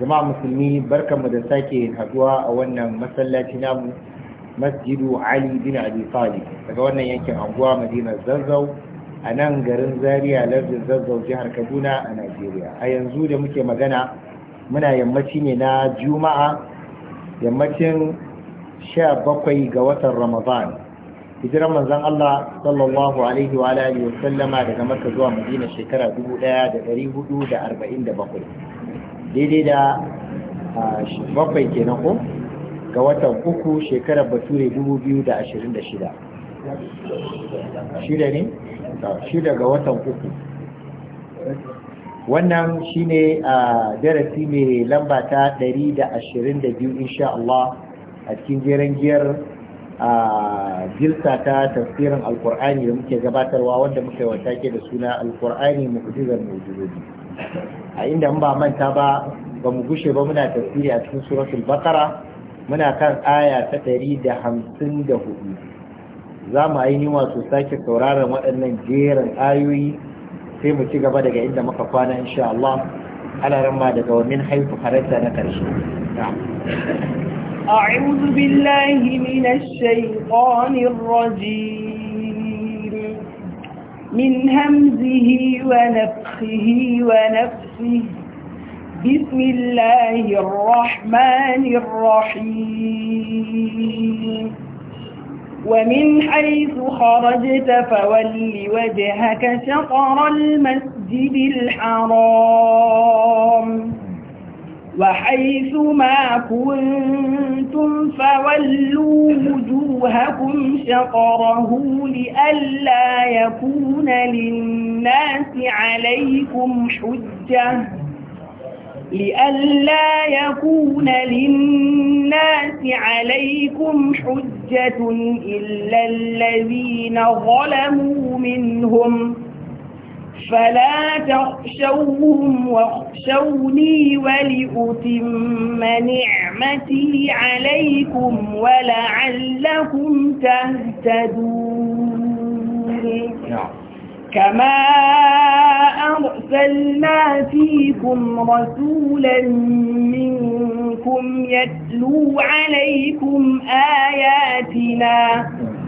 jama'a musulmi barkanmu da sake haduwa a wannan masallaci namu masjidu ali bin abi talib daga wannan yankin anguwa madinar zazzau a nan garin zaria lardin zazzau jihar kaduna a najeriya a yanzu da muke magana muna yammaci ne na juma'a yammacin sha bakwai ga watan ramadan hijiran manzon allah sallallahu alaihi wa alihi wa sallama daga makka zuwa madina shekara 1447 daidai da bakwai kenan ko ga watan uku shekarar bature 2026 shida ne? shida ga watan uku wannan shine a darasi mai lamba ta 122 insha Allah a cikin jeren giyar a jilta ta tafsirin alkur'ani da muke gabatarwa wanda muka yi wata ke da suna alkur'ani mu'jizar mu'jizoji a inda in ba manta ba ba mu gushe ba muna tafsiri a cikin suratul bakara muna kan aya ta ɗari da hamsin da hudu za mu ainihin su sake sauraron waɗannan jerin ayoyi sai mu ci gaba daga inda muka kwana insha Allah Ana ramma daga wannan haifu halatta na ƙarshe أعوذ بالله من الشيطان الرجيم من همزه ونفخه ونفسه بسم الله الرحمن الرحيم ومن حيث خرجت فول وجهك شطر المسجد الحرام وحيث ما كنتم فولوا وجوهكم شطره لئلا يكون للناس عليكم حجة لئلا يكون للناس عليكم حجة إلا الذين ظلموا منهم فلا تخشوهم واخشوني ولأتم نعمتي عليكم ولعلكم تهتدون نعم. كما أرسلنا فيكم رسولا منكم يتلو عليكم آياتنا نعم.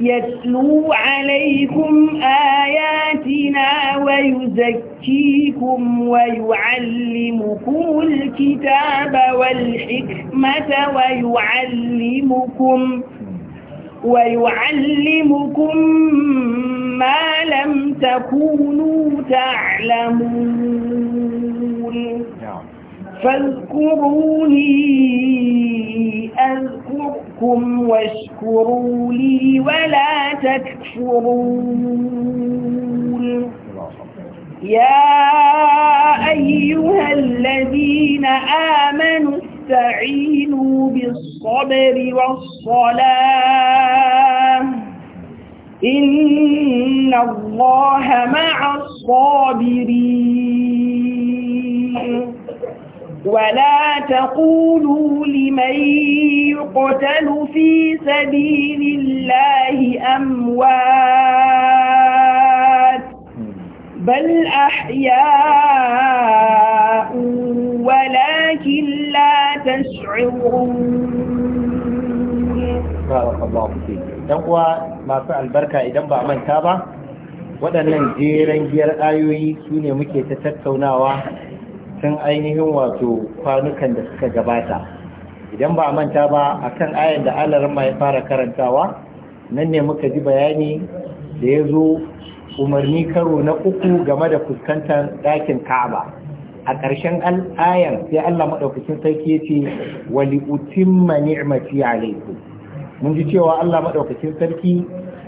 يتلو عليكم آياتنا ويزكيكم ويعلمكم الكتاب والحكمة ويعلمكم ويعلمكم ما لم تكونوا تعلمون فاذكروني أذكركم واشكروا لي ولا تكفرون يا أيها الذين آمنوا استعينوا بالصبر والصلاة إن الله مع الصابرين ولا تقولوا لمن يقتل في سبيل الله أموات بل أحياء ولكن لا تشعرون بارك الله فيك دقوة ما فعل بركة إذا ما من تابع ودنا jeren نجير آيوي su ne muke tun ainihin wato kwanukan da suka gabata idan ba manta ba akan ayan da alarma ya fara karantawa nan ne muka ji bayani da ya zo umarni karo na uku game da fuskantar dakin ka'aba a ƙarshen ayan sai Allah maɗaukacin sarki ya ce wali utimma ni'mati alaikum mun ji cewa Allah maɗaukacin sarki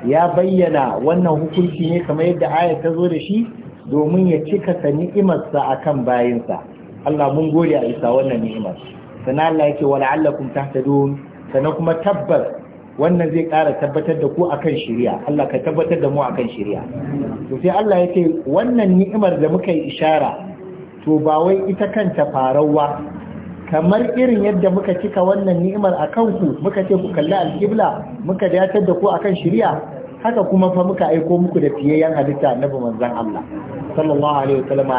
ya bayyana wannan hukunci ne kamar yadda ayar ta zo da shi domin ya cika ta ni'imarsa akan bayinsa Allah mun gode a isa wannan ni'imar sannan Allah yake wa la'allakum tahtadun sannan kuma tabbas wannan zai ƙara tabbatar da ku akan shari'a Allah ka tabbatar da mu akan shari'a to sai Allah yake wannan ni'imar da muka yi ishara to ba wai ita kanta farawa kamar irin yadda muka cika wannan ni'imar a kanku, muka ce ku kalli alƙibla muka datar da ku akan shari'a haka kuma fa muka aiko muku da fiyayyen halitta annabi manzon Allah sallallahu alaihi wasallam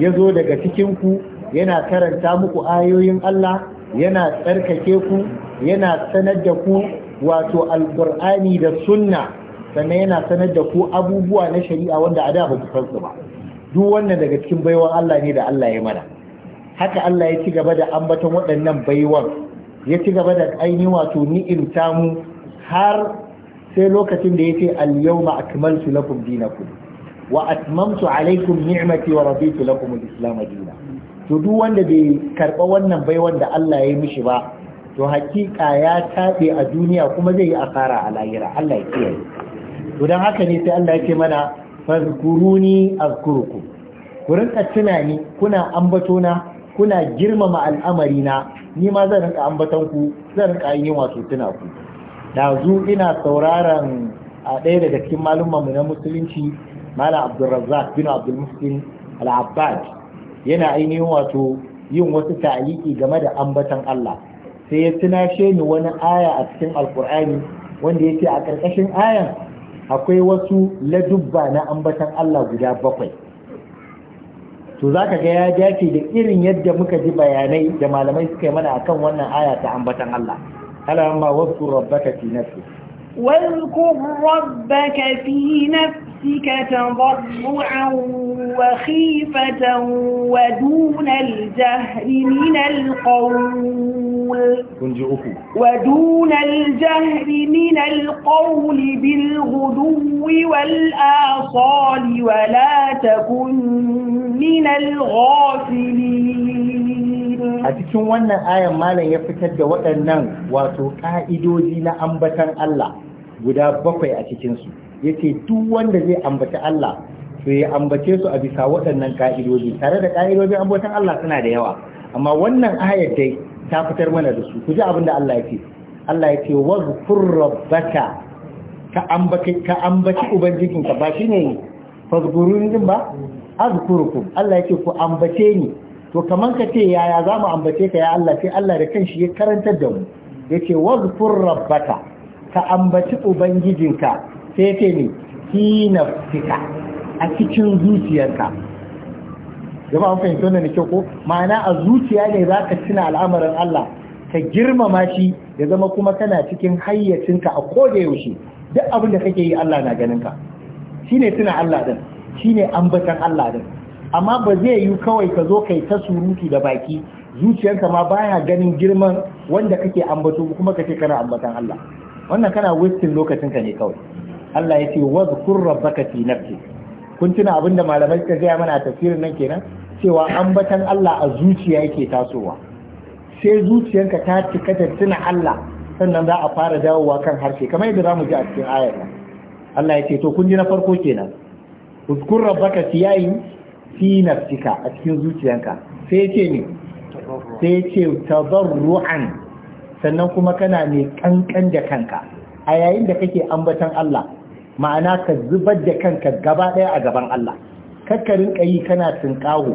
ya zo daga cikin ku yana karanta muku ayoyin Allah yana tsarkake ku yana sanar da ku wato alqur'ani da sunna sannan yana sanar da ku abubuwa na shari'a wanda a da ba ku su ba duk wannan daga cikin baiwan Allah ne da Allah ya mana haka Allah ya ci gaba da ambaton waɗannan baiwan ya ci gaba da ainihin wato ni'imta mu har sai lokacin da yace al-yawma akmaltu lakum dinakum wa atmamtu alaykum ni'mati wa raditu lakum al-islam dinan to duk wanda bai karba wannan bai wanda Allah ya yi mishi ba to hakika ya tabe a duniya kuma zai yi asara a lahira Allah ya kiyaye to dan haka ne sai Allah ya ce mana fazkuruni azkurukum ku rinka tunani kuna ambato na kuna girmama al'amari na ni ma zan rinka ambatan ku zan rinka yin wato tuna ku dazu ina sauraron a ɗaya daga cikin malumanmu na musulunci malam Abdulrazak bin abdulmuslim al-abbad yana ainihin wato yin wasu ta'aliki game da ambatan Allah sai ya tunashe ni wani aya a cikin alkur'ani wanda yake a ƙarƙashin ayan akwai wasu ladubba na ambatan Allah guda bakwai to za ka ga ya dace da irin yadda muka ji bayanai da malamai suka yi mana akan wannan aya ta ambatan Allah ألا ما واذكر ربك في نفسك واذكر ربك في نفسك تضرعا وخيفة ودون الجهر من القول ودون الجهر من القول بالغدو والآصال ولا تكن من الغافلين a cikin wannan ayan malam ya fitar da waɗannan wato ƙa'idoji na ambatan Allah guda bakwai a cikinsu ya ce duk wanda zai ambata Allah to ya ambace su a bisa waɗannan ƙa'idoji tare da ƙa'idojin ambatan Allah suna da yawa amma wannan ayar dai ta fitar mana da su ku ji abin da Allah ya ce Allah ya ce wazkur rabbaka ka ambaci ka ambaci ubangijinka ba shine fazgurun din ba azkurukum Allah ya ce ku ambace ni to kaman ka ce yaya za mu ambace ka ya Allah sai Allah da kanshi ya karantar da mu ya ce wazfur rabbaka ka ambaci ubangijinka sai ya ce ne fi nafsika a cikin zuciyarka jama'a an fahimta wannan ne ko ma'ana a zuciya ne za ka tuna al'amarin Allah ka girmama shi ya zama kuma kana cikin hayyacinka a koda yaushe duk abin da kake yi Allah na ganin ka shine tuna Allah din shine ambatan Allah din amma ba zai yi kawai ka zo kai ta surutu da baki zuciyarka ma baya ganin girman wanda kake ambato kuma kace kana ambatan Allah wannan kana wasting lokacinka ne kawai Allah ya ce wa zkur rabbaka fi nafsi kun tuna abin malamai suka gaya mana a tafsirin nan kenan cewa ambatan Allah a zuciya yake tasowa sai zuciyarka ta cika ta tuna Allah sannan za a fara dawowa kan harshe kamar yadda zamu ji a cikin ayar nan Allah ya ce to kun ji na farko kenan uzkur rabbaka fi yayin fi nafsika a cikin zuciyanka sai ce ne sai ce tazarru'an sannan kuma kana mai kankan da kanka a yayin da kake ambatan Allah ma'ana ka zubar da kanka gaba ɗaya a gaban Allah kakkarin yi kana tunkawo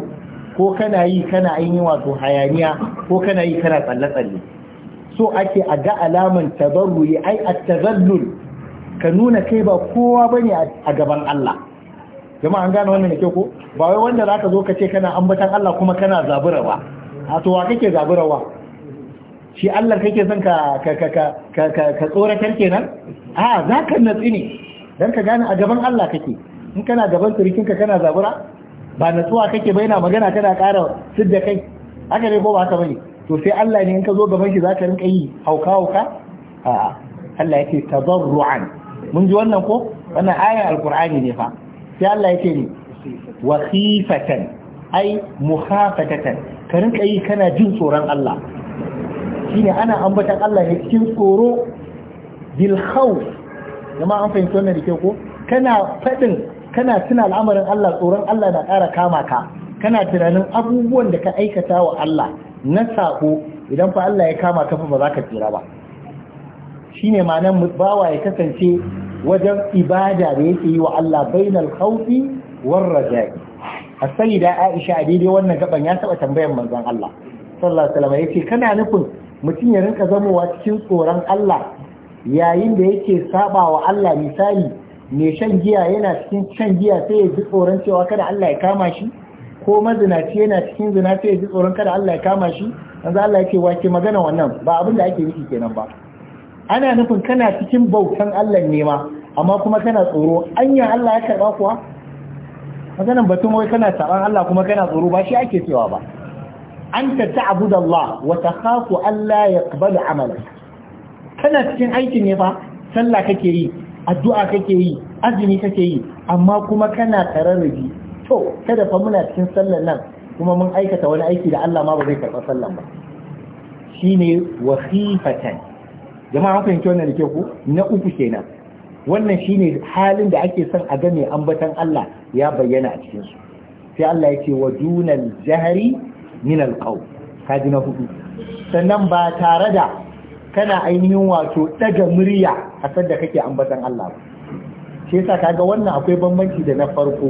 ko kana yi kana ainihin wato hayaniya ko kana yi kana tsalle-tsalle so ake a ga alaman tabarruyi ai at-tazallul ka nuna kai ba kowa bane a gaban Allah jama'a an gane wannan da ko ba wai wanda zaka zo ka ce kana ambatan Allah kuma kana zabura ba a to wa kake zaburawa shi Allah kake son ka ka ka ka ka tsoratar kenan a zaka natsi ne dan ka gane a gaban Allah kake in kana gaban surikinka kana zabura ba natsuwa kake bai na magana kana ƙara sidda kai haka ne ko ba haka bane to sai Allah ne in ka zo gaban shi zaka rinka yi hauka hauka a'a Allah yake tadarruan mun ji wannan ko wannan aya alqur'ani ne fa sai Allah ya ce ne wa khifatan ai mukhafatatan ka rinka yi kana jin tsoron Allah shine ana ambatan Allah ne cikin tsoro bil khawf jama'a an fahimta wannan dake ko kana fadin kana tuna al'amarin Allah tsoron Allah na ƙara kama ka kana tunanin abubuwan da ka aikata wa Allah na sako idan fa Allah ya kama ka fa ba za ka tsira ba shine ma'anar bawa ya kasance wajen ibada da yake yi wa Allah bainal khawfi war raja'i as-sayyida Aisha a daidai wannan gaban ya taba tambayar manzon Allah sallallahu alaihi wasallam yace kana nufin mutum ya rinka zamowa cikin tsoron Allah yayin da yake saba wa Allah misali mai shan giya yana cikin shan giya sai ya ji tsoron cewa kada Allah ya kama shi ko mazinaci yana cikin zina sai ya ji tsoron kada Allah ya kama shi yanzu Allah ya ce ke magana wannan ba abin da ake nufi kenan ba ana nufin kana cikin bautan Allah ne ma amma kuma kana tsoro anya Allah ya karba kuwa maganan batun wai kana tsaron Allah kuma kana tsoro ba shi ake cewa ba anta ta'budu wa takhafu Allah yaqbalu amalak kana cikin aikin ne fa sallah kake yi addu'a kake yi azumi kake yi amma kuma kana tararrabi to kada fa muna cikin sallar nan kuma mun aikata wani aiki da Allah ma ba zai karɓa sallar ba shine wahifatan jama'a an fahimci wannan da ke ku na uku kenan wannan shine halin da ake son a game ambatan Allah ya bayyana a cikin su sai Allah ya ce wa dunal jahri min alqaw kaji na hudu sannan ba tare da kana ainihin wato daga murya a sanda kake ambatan Allah ba shi yasa kaga wannan akwai bambanci da na farko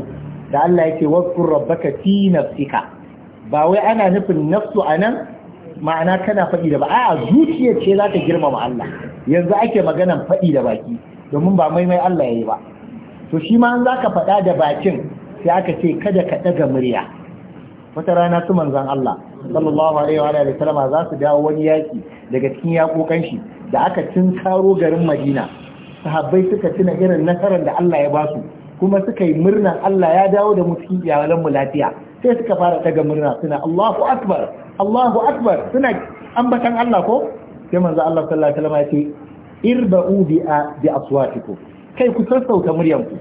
da Allah ya ce rabbaka fi nafsika ba wai ana nufin nafsu anan ma'ana kana faɗi da ba a zuciyar ce za ta girmama Allah yanzu ake maganan faɗi da baki domin ba maimai Allah ya yi ba to shi ma za ka faɗa da bakin sai aka ce kada ka ɗaga murya wata rana su manzan Allah sallallahu alaihi wa alihi sallama za su dawo wani yaki daga cikin yakokan shi da aka karo garin Madina sahabbai suka tuna irin nasarar da Allah ya basu kuma suka yi murnan Allah ya dawo da mu cikin iyalan mu lafiya sai suka fara daga murna suna Allahu akbar Allahu akbar suna ambatan Allah ko sai manzo Allah sallallahu alaihi wasallam ya ce irba'u bi bi aswatiku. kai ku sassauta ku.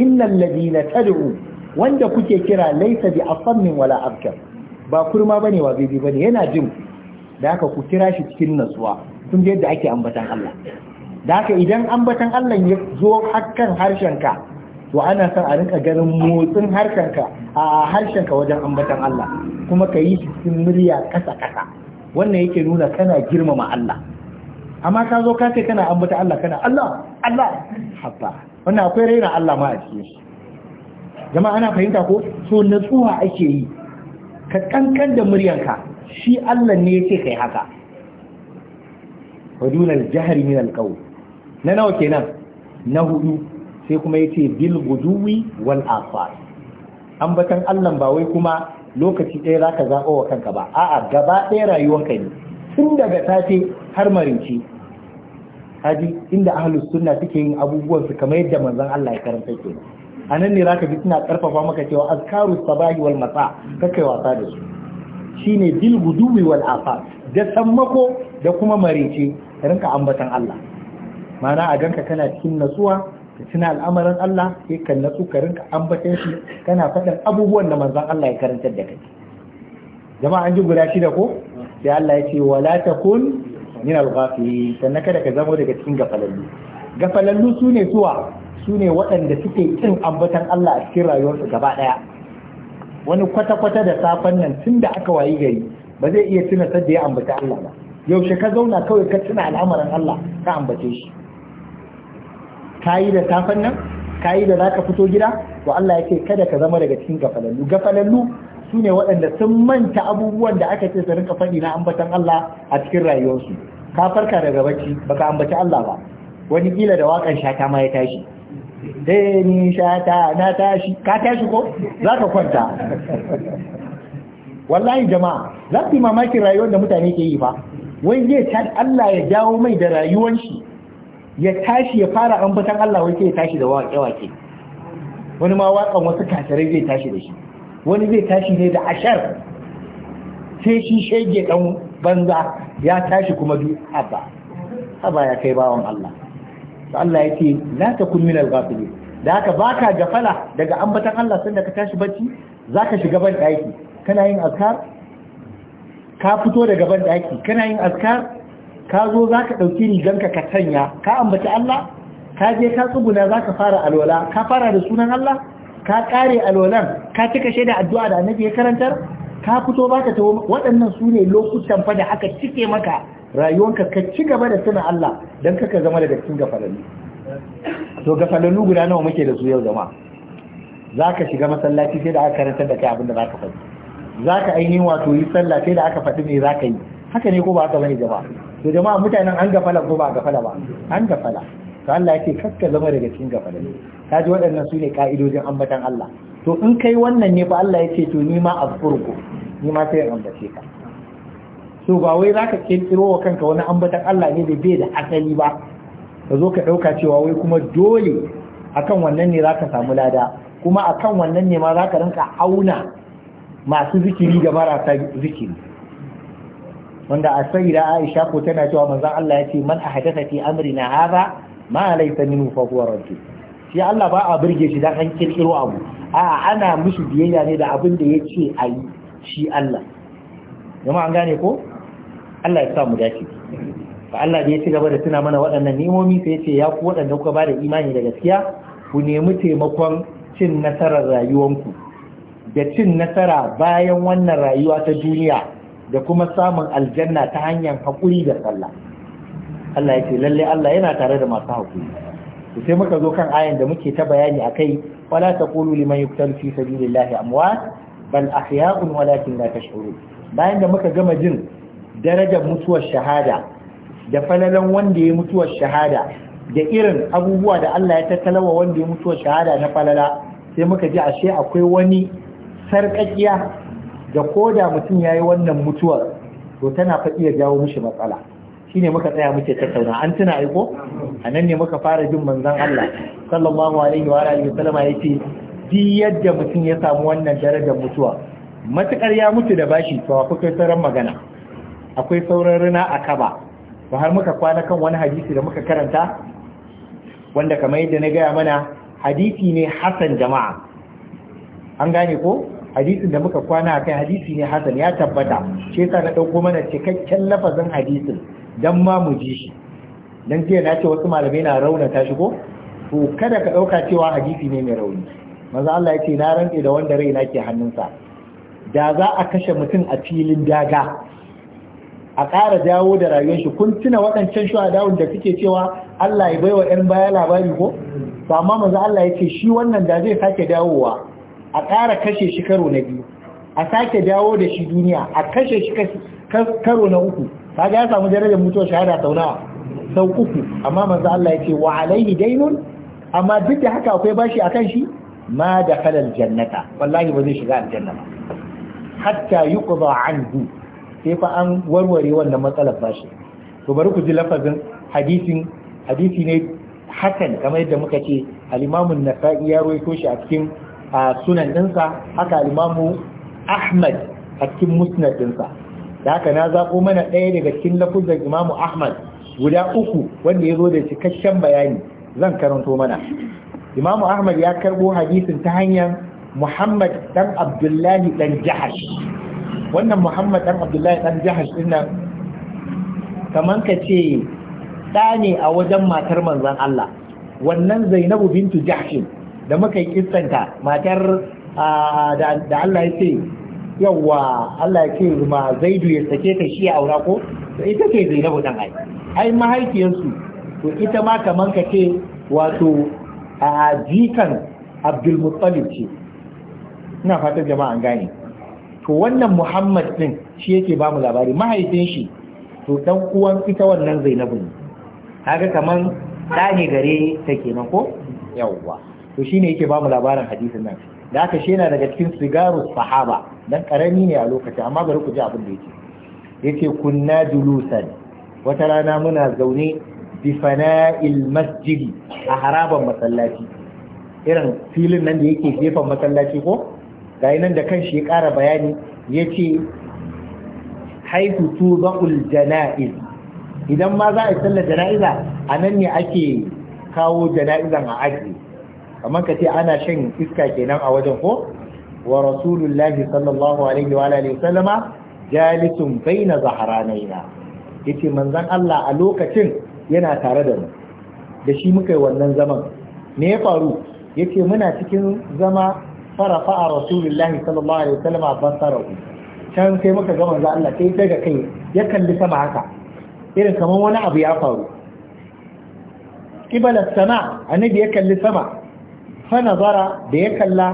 innal ladina tad'u wanda kuke kira laysa bi asammin wala abkar ba kurma bane wa bibi bane yana jin da haka ku kira shi cikin natsuwa kun yadda ake ambatan Allah da haka idan ambatan Allah ya zo hakkan harshenka to ana son a rinka ganin motsin harkarka a harshenka wajen ambatan Allah kuma ka yi shi cikin murya kasa kasa wannan yake nuna kana girmama Allah amma ka zo ka ce kana ambata Allah kana Allah Allah haba wannan akwai raina Allah ma a cikin shi jama'a ana fahimta ko so natsuwa ake yi ka kankan da muryanka shi Allah ne yake kai haka wa dunal jahri min al-qawl na nawa kenan na hudu sai kuma yace bil guduwi wal asar ambatan Allah ba wai kuma lokaci ɗaya ka zaɓa wa kanka ba a'a gaba ɗaya rayuwarka ne tun daga safe har marinci haji inda ahlus sunna suke yin abubuwan su kamar yadda manzon Allah ya karanta ke a ne zaka ji suna karfafa maka cewa azkaru sabahi wal masa kakai wasa da su shine bil guduwi wal afar da sammako da kuma marinci rinka ambatan Allah mana a ganka kana cikin natsuwa ka tuna al'amarin Allah sai ka natsu ka rinka ambatan shi kana faɗin abubuwan da manzon Allah ya karantar da kai jama'a an ji guda shida ko sai Allah ya ce wala takun min al-ghafilin sannan kada ka zamo daga cikin gafalallu gafalallu sune suwa sune waɗanda suke cin ambatan Allah a cikin rayuwarsu gaba ɗaya wani kwata-kwata da safen nan tun da aka wayi gari ba zai iya tuna sadda ya ambata Allah ba yaushe ka zauna kawai ka tuna al'amarin Allah ka ambace shi kayi da tafan nan kayi da zaka fito gida to Allah ya ce kada ka zama daga cikin gafalallu gafalallu su waɗanda sun manta abubuwan da aka ce su rinka faɗi na ambatan Allah a cikin rayuwarsu ka farka daga bacci baka ambaci Allah ba wani kila da wakan shata ma ya tashi dai ni shata na tashi ka tashi ko za ka kwanta wallahi jama'a za su yi mamakin rayuwar da mutane ke yi fa wai zai ta Allah ya jawo mai da rayuwar shi ya tashi ya fara ambatan Allah wai sai ya tashi da waƙe-waƙe wani ma waƙan wasu kasarai zai tashi da shi wani zai tashi ne da ashar sai shi shege dan banza ya tashi kuma duk abba abba ya kai bawan Allah To Allah ya ce la takun min al-ghafilin da haka baka gafala daga ambatan Allah sanda ka tashi bacci zaka shiga ban daki kana yin azkar ka fito daga ban daki kana yin azkar ka zo za ka ɗauki riganka ka sanya ka ambaci Allah ka je ka tsuguna za ka fara alwala ka fara da sunan Allah ka ƙare alwalan ka cika shaida addu'a da annabi ya karantar ka fito ba ka tawo waɗannan su ne lokutan fa da aka cike maka rayuwanka ka ci gaba da suna Allah don kaka zama da cikin gafalallu to gafalallu guda nawa muke da su yau zama za ka shiga masallaci sai da aka karantar da kai abin da za ka faɗi za ka ainihin wato yi sallah sai da aka faɗi ne za ka yi haka ne ko ba haka bane jama'a to jama'a mutanen an gafala ko ba gafala ba an gafala to Allah ya ce kakka zama daga cikin gafala ne. Kaji waɗannan su ne ka'idojin ambatan Allah to in kai wannan ne fa Allah ya ce to ni ma afurku ni ma sai in ambace ka to ba wai zaka kirkiro wa kanka wani ambatan Allah ne da bai da asali ba ka zo ka ɗauka cewa wai kuma dole akan wannan ne zaka samu lada kuma akan wannan ne ma zaka rinka auna masu zikiri da marasa zikiri wanda a da Aisha ko tana cewa manzon Allah ya ce man ahdatha fi na haza ma laysa minhu fa huwa raddi shi Allah ba a burge shi dan an kirkiro abu a ana mushi biyayya ne da abin da a yi shi Allah jama'a an gane ko Allah ya sa mu dace fa Allah da ya ci gaba da tuna mana waɗannan nemomi sai ya ce ya ku waɗanda kuka ba da imani da gaskiya ku nemi taimakon cin nasarar rayuwanku da cin nasara bayan wannan rayuwa ta duniya da kuma samun aljanna ta hanyar haƙuri da sallah Allah ya ce lalle Allah yana tare da masu haƙuri to sai muka zo kan ayan da muke ta bayani akai wala taqulu liman yuqtalu fi sabilillahi amwat bal ahya'un walakin la tash'urun bayan da muka gama jin darajar mutuwar shahada da falalan wanda ya mutuwar shahada da irin abubuwa da Allah ya tattalawa wanda ya mutuwar shahada na falala sai muka ji ashe akwai wani sarƙaƙiya da ko da mutum ya yi wannan mutuwar to tana fa iya jawo mishi matsala shi ne muka tsaya muke tattauna an tuna aiko a nan ne muka fara jin manzan Allah sallallahu alaihi wa alihi wasallama ya ce di yadda mutum ya samu wannan darajar mutuwa matukar ya mutu da bashi to akwai sauran magana akwai sauran rina a kaba to har muka kwana kan wani hadisi da muka karanta wanda kamar yadda na gaya mana hadisi ne hasan jama'a an gane ko hadisin da muka kwana kai hadisi ne hasan ya tabbata shi yasa na dauko mana cikakken lafazin hadisin dan ma mu ji shi dan jiya na ce wasu malamai na raunata shi ko to kada ka dauka cewa hadisi ne mai rauni manzo Allah ya na rantse da wanda raina ke hannunsa da za a kashe mutum a filin daga a ƙara dawo da rayuwar shi kun tuna waɗancan shuhadawun da suke cewa Allah ya baiwa 'yan baya labari ko to amma manzo Allah ya ce shi wannan da zai sake dawowa a ƙara kashe shi karo na biyu a sake dawo da shi duniya a kashe shi karo na uku ga ya samu darajar mutuwar shahada sau nawa sau uku amma manzo Allah ya ce wa alaihi dainun amma duk da haka akwai bashi akan shi ma da kalal jannata wallahi ba zai shiga aljanna ba hatta yuqda anhu sai fa an warware wannan matsalar bashi to bari ku ji lafazin hadisin hadisi ne hakan kamar yadda muka ce al-Imam an-Nasa'i ya rawaito shi a cikin a sunan ɗinsa haka limamu ahmad a cikin musnad ɗinsa da haka na zaɓo mana ɗaya daga cikin lafuzar imamu ahmad guda uku wanda ya zo da cikakken bayani zan karanto mana imamu ahmad ya karɓo hadisin ta hanyar muhammad ɗan abdullahi ɗan jahash wannan muhammad ɗan abdullahi ɗan jahash ɗin nan ka ce ɗa ne a wajen matar manzon allah wannan zainabu bintu jahshin da muka yi kissanta matar da Allah ya ce yawa Allah ya ce ma zaidu ya sake ta shi aura ko to ita ce zainabu dan ai ai mahaifiyarsu to ita ma kaman ka ce wato a jikan abdulmuttalib ce ina fatan jama'a an gane to wannan muhammad din shi yake ba mu labari mahaifin shi to dan uwan ita wannan zainabu ne kaga kaman ɗa ne gare take kenan ko yawwa to ne yake ba mu labarin hadisin nan da aka shi yana daga cikin sigaru sahaba dan karami ne a lokaci, amma bari ku ji abin da yake yace kunna julusan wata rana muna zaune bi fana'il masjidi a harabar masallaci irin filin nan da yake gefen masallaci ko ga nan da kanshi ya ƙara bayani Ya ce haitu tuba'ul janaiz idan ma za a sallar jana'iza a nan ne ake kawo jana'izan a ajiye kamar ka ce ana shan iska kenan a wajen ko wa rasulullahi sallallahu alaihi wa alihi sallama jalisun baina zaharanaina yace manzon Allah a lokacin yana tare da mu da shi muka yi wannan zaman me ya faru yace muna cikin zama farafa a rasulullahi sallallahu alaihi wasallam basarahu can sai muka ga manzon Allah sai daga kai ya kalli sama haka irin kamar wani abu ya faru kibala sama annabi ya kalli sama fanazara da ya kalla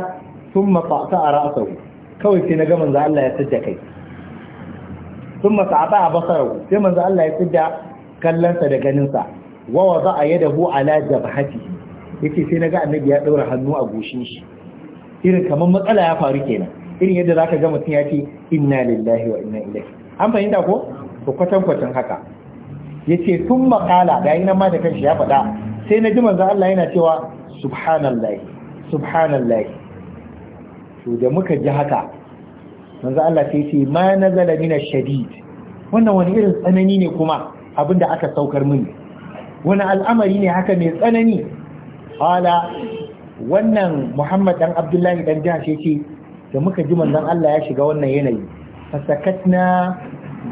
sun mafata a ra'asau kawai sai na ga manzo Allah ya tsidda kai sun masa'ata a basarau sai manzo Allah ya tsidda kallonsa da ganinsa wawa za a yada hu ala jabhati yake sai na ga annabi ya ɗaura hannu a goshin shi irin kamar matsala ya faru kenan irin yadda zaka ga mutum ya ce inna lillahi wa inna ilaihi an fahimta ko to kwatan kwatan haka yace sun makala da yi nan ma da kanshi ya faɗa sai na ji manzo Allah yana cewa subhanallah subhanallah to da muka ji haka manzo Allah sai ce ma nazala min ash-shadid wannan wani irin tsanani ne kuma abinda aka saukar mini wani al'amari ne haka mai tsanani qala wannan Muhammad dan Abdullahi dan jihar shi ce da muka ji manzo Allah ya shiga wannan yanayi fasakatna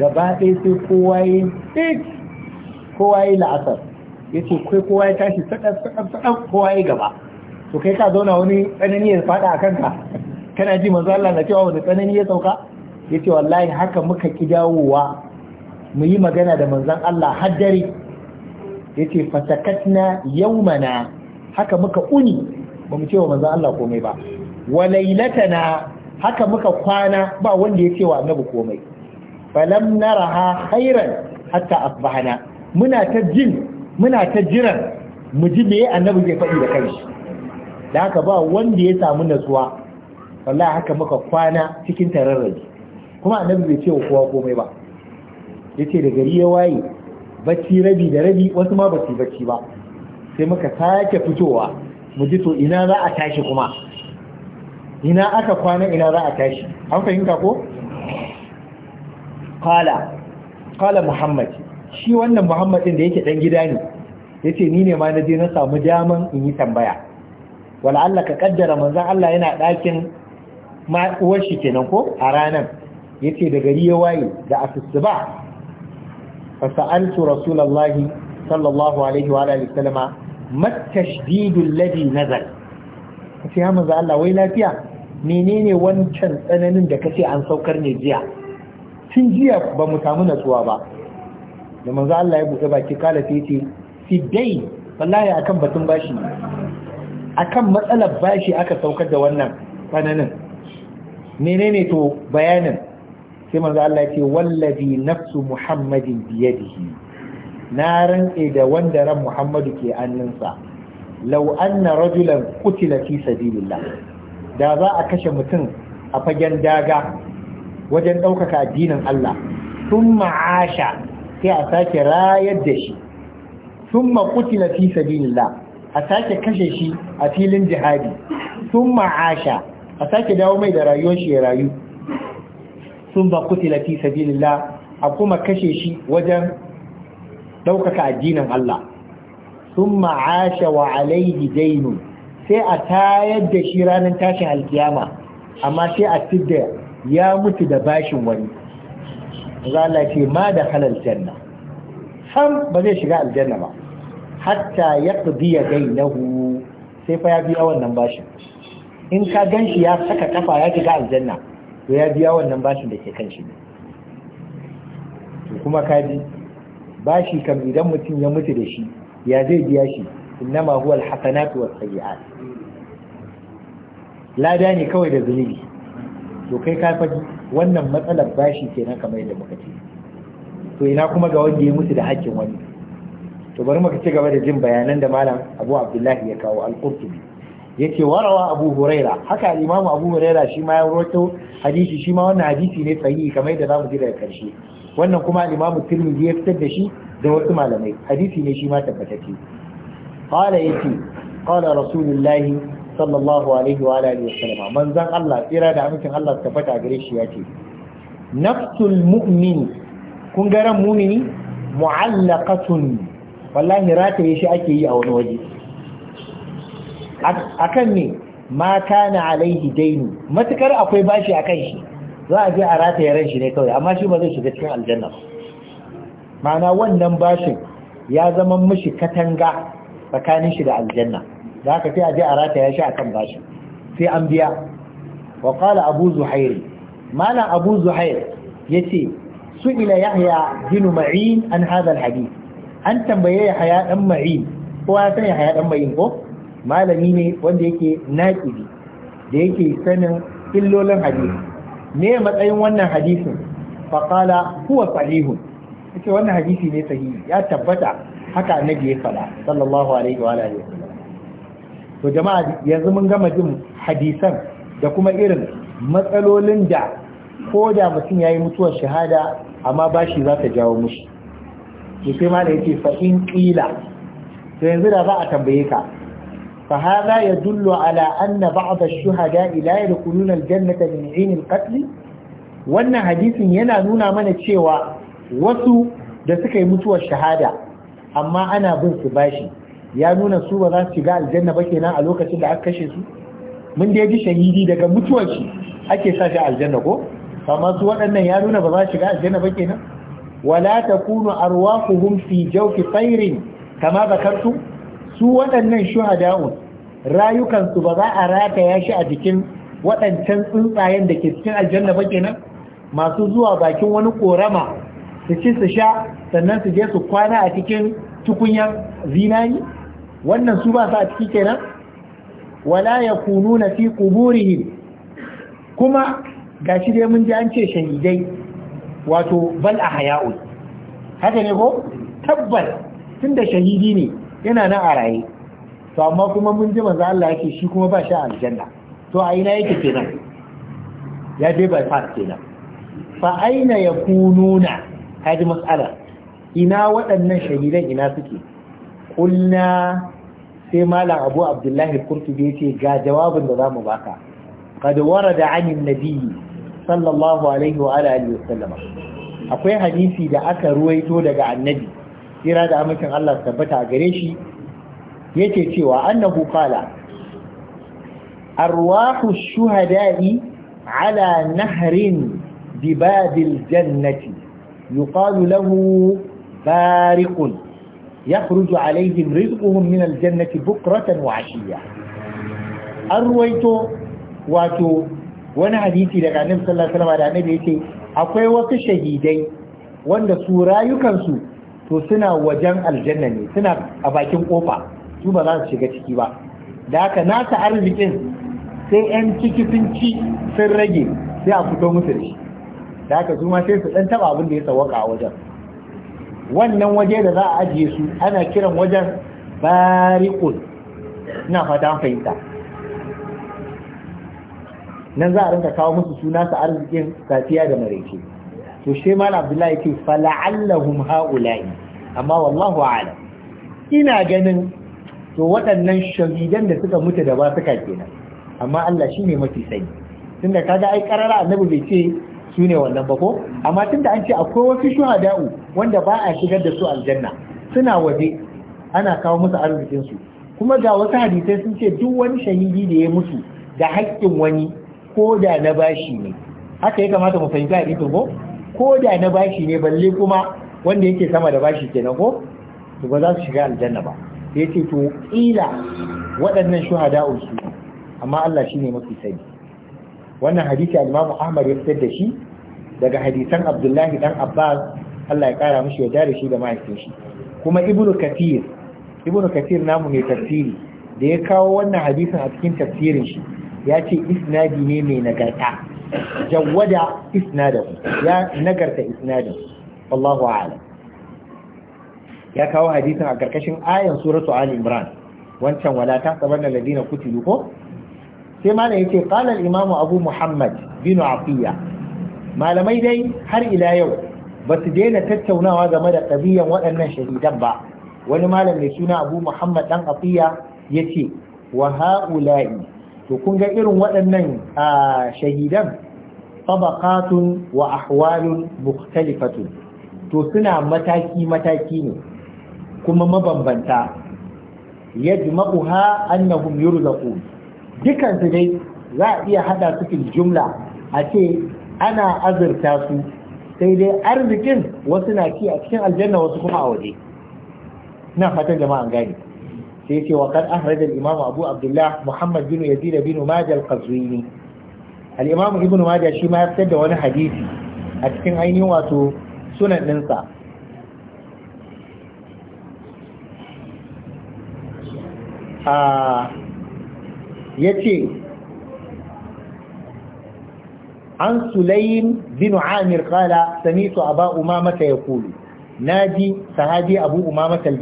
gaba ɗaya sai kowa yi kowa yi la'asar yace kai kowa ya tashi sakar sakar sakar kowa ya gaba to kai ka zauna wani tsanani ya fada a kanka kana ji manza Allah na cewa wani tsanani ya sauka yace wallahi haka muka ki dawowa mu yi magana da manzan Allah har dare yace fatakatna mana haka muka uni ba mu cewa manzan Allah komai ba wa na haka muka kwana ba wanda ya cewa nabu komai falam naraha hairan hatta asbahana muna ta jin muna ta jiran mu ji me annabi zai faɗi da kanshi da haka ba wanda ya samu natsuwa wallahi haka muka kwana cikin tararraji kuma annabi bai ce wa kowa komai ba yace da gari ya waye bacci rabi da rabi wasu ma basu bacci ba sai muka sake fitowa mu ji to ina za a tashi kuma ina aka kwana ina za a tashi an fahimta ko qala qala muhammad shi wannan Muhammad din da yake dan gida ne yace ni ne ma na je na samu daman in yi tambaya wala Allah ka kaddara manzon Allah yana ɗakin ma shi kenan ko a ranar yace da gari ya waye da ba. fa sa'altu rasulullahi sallallahu alaihi wa alihi sallama mat tashdidul ladhi nazal kace ya manzo Allah wai lafiya menene wancan tsananin da kace an saukar ne jiya tun jiya ba mu samu natsuwa ba da manzo Allah ya buɗe baki kala sai ce fidai wallahi akan batun bashi akan matsalar bashi aka saukar da wannan tsananin menene to bayanin sai manzo Allah ya ce wallazi nafsu muhammadin biyadihi na rantse da wanda ran muhammadu ke annansa law anna rajulan qutila fi sabilillah da za a kashe mutum a fagen daga wajen ɗaukaka addinin Allah tun ma'asha sai a sake rayar da shi thumma na fi sabilillah a sake kashe shi a filin jihadi thumma asha a sake dawo mai da rayuwar shi ya rayu thumma na fi sabilillah a kuma kashe shi wajen ɗaukaka addinin Allah thumma asha wa alaihi dainu sai a tayar da shi ranar tashin alkiyama amma sai a tidda ya mutu da bashin wani zala ce ma da halal janna sam ba zai shiga aljanna ba hatta ya na gainahu sai fa ya biya wannan bashin in ka ganshi shi ya saka kafa ya shiga aljanna to ya biya wannan bashin da ke kan shi ne to kuma ka ji bashi kam idan mutum ya mutu da shi ya zai biya shi ma huwa alhasanatu was lada ne kawai da zunubi to kai ka faɗi wannan matsalar bashi kenan kamar yadda muka ce to ina kuma ga wanda ya mutu da haƙƙin wani to bari muka ci gaba da jin bayanan da malam Abu Abdullahi ya kawo al-Qurtubi yace warawa Abu Huraira haka al Abu Huraira shi ma ya rawaito hadisi shi ma wannan hadisi ne sahihi kamar yadda zamu ji daga karshe wannan kuma al-Imam Tirmidhi ya fitar da shi da wasu malamai hadisi ne shi ma tabbatacce qala yace qala rasulullahi sallallahu alaihi wa alihi wasallam manzon Allah tsira da amincin Allah suka fata gare shi yace nafsul mu'min kun ga ran mu'mini mu'allaqatun wallahi rataye shi ake yi a wani waje akan ne ma kana alaihi daini matukar akwai bashi akan shi za a je a rataye ran shi ne kawai amma shi ba zai shiga cikin aljanna ma'ana wannan bashin ya zama mishi katanga tsakanin shi da aljanna da haka sai a je a rataya shi akan bashi sai an biya wa qala abu Zuhairi, malam abu zuhair yace su ila yahya bin ma'in an hadha alhadith an tambaye yahaya dan ma'in ko ya san yahya dan ma'in ko malami ne wanda yake naqibi da yake sanin illolin hadisi me matsayin wannan hadisin fa qala huwa sahihun ce wannan hadisi ne sahihi ya tabbata haka annabi ya fada sallallahu alaihi wa alihi to jama'a yanzu mun gama jin hadisan da kuma irin matsalolin da ko da mutum ya yi mutuwar shahada amma bashi za ta jawo mushi da sai mana yace fain ƙila qila to yanzu da za a tambaye ka fa ya yadullu ala anna ba'd shuhada ila yadkhuluna al-jannata min 'ayn wannan hadisin yana nuna mana cewa wasu da suka yi mutuwar shahada amma ana bin su bashi ya nuna su ba za su shiga aljanna ba kenan a lokacin da aka kashe su mun dai ji shahidi daga mutuwar shi ake sa shi aljanna ko amma su waɗannan ya nuna ba za su shiga aljanna ba kenan wala takunu arwahuhum fi jawfi tayrin kama zakartu su waɗannan shuhada'un rayukansu ba za a ya shi a jikin waɗancan tsuntsayen da ke cikin aljanna ba kenan masu zuwa bakin wani korama su ci su sha sannan su je su kwana a cikin tukunyar zinani wannan su ba sa a ciki kenan wala yakununa fi quburihim kuma gashi dai mun ji an ce shahidai wato bal ahya'un haka ne ko tabbas tunda shahidi ne yana nan a raye to amma kuma mun ji manzo Allah yake shi kuma ba shi a aljanna to a ina yake kenan ya je fa kenan fa aina yakununa hadi mas'ala ina waɗannan shahidan ina suke kulna sai malam abu abdullahi kurtubi ce ga jawabin da zamu baka qad warada anin nabiyyi sallallahu alaihi wa alihi akwai hadisi da aka ruwaito daga annabi jira da amincin Allah tabbata a gare shi yake cewa annahu qala arwahu shuhada'i ala nahrin bibadil jannati yuqalu lahu bariqun يخرج عليهم رزقهم من الجنة بكرة وعشية أرويتو واتو wani hadisi daga annabi sallallahu alaihi wasallam da annabi yace akwai wasu shahidai wanda su rayukansu to suna wajen aljanna ne suna a bakin kofa su ba su shiga ciki ba da haka nasa arzikin sai yan ciki sun rage sai a fito musu da shi da haka su sai su ɗan taba abin da ya sawaka a wajen wannan waje da za a ajiye su ana kiran wajen bariqul na fata an fahimta nan za a rinka kawo musu suna sa arzikin safiya da maraice to shi mal abdullahi ce fala'allahum ha'ula'i amma wallahu a'lam ina ganin to waɗannan shahidan da suka mutu da ba suka kenan amma Allah shine mafi sani tunda kaga ai karara annabi bai ce su ne wannan bako ko amma tunda an ce akwai wasu shuhada'u wanda ba a shigar da su aljanna suna waje ana kawo musu arzikin su kuma ga wasu hadisai sun ce duk wani shahidi da ya mutu da haƙƙin wani ko da na bashi ne haka ya kamata mu fahimta a ko ko da na bashi ne balle kuma wanda yake sama da bashi kenan ko to ba za su shiga aljanna ba yace to ƙila waɗannan shuhada'u su amma Allah shine mafi sani wannan hadisi al-Imam Ahmad ya fitar da shi daga hadisan Abdullahi dan Abbas Allah ya kara mishi ya jare shi da mahaifin shi kuma Ibn Kathir Ibn Kathir namu ne tafsiri da ya kawo wannan hadisin a cikin tafsirin shi ya ce isnadi ne mai nagarta jawwada isnadahu ya nagarta isnadin Allahu a'lam ya kawo hadisin a karkashin ayan suratu Ali Imran wancan wala ta sabanna ladina kutilu ko sai malam yace qala al-imam abu muhammad bin afiya malamai dai har ila yau ba su daina tattaunawa game da ƙabiyan waɗannan shahidan ba wani malam mai suna abu muhammad dan afiya yace wa ha'ula'i to kun ga irin waɗannan shahidan tabaqatun wa ahwalun mukhtalifatun to suna mataki mataki ne kuma mabambanta yajma'uha annahum yurzaqun dukansu dai za a iya hada su jumla a ce ana azurta su sai dai arzikin wasu na ci a cikin aljanna wasu kuma a waje na fatan jama'an gani sai ce wa kan imam abu abdullah muhammad bin yazid bin Majal qazwini al-imam ibn majah shi ma ya fitar da wani hadisi a cikin ainihin wato sunan ɗinsa a ah, ya ce an sulaim bin amir kala samitu aba umamata ya kulu na ji sahabi abu umamata al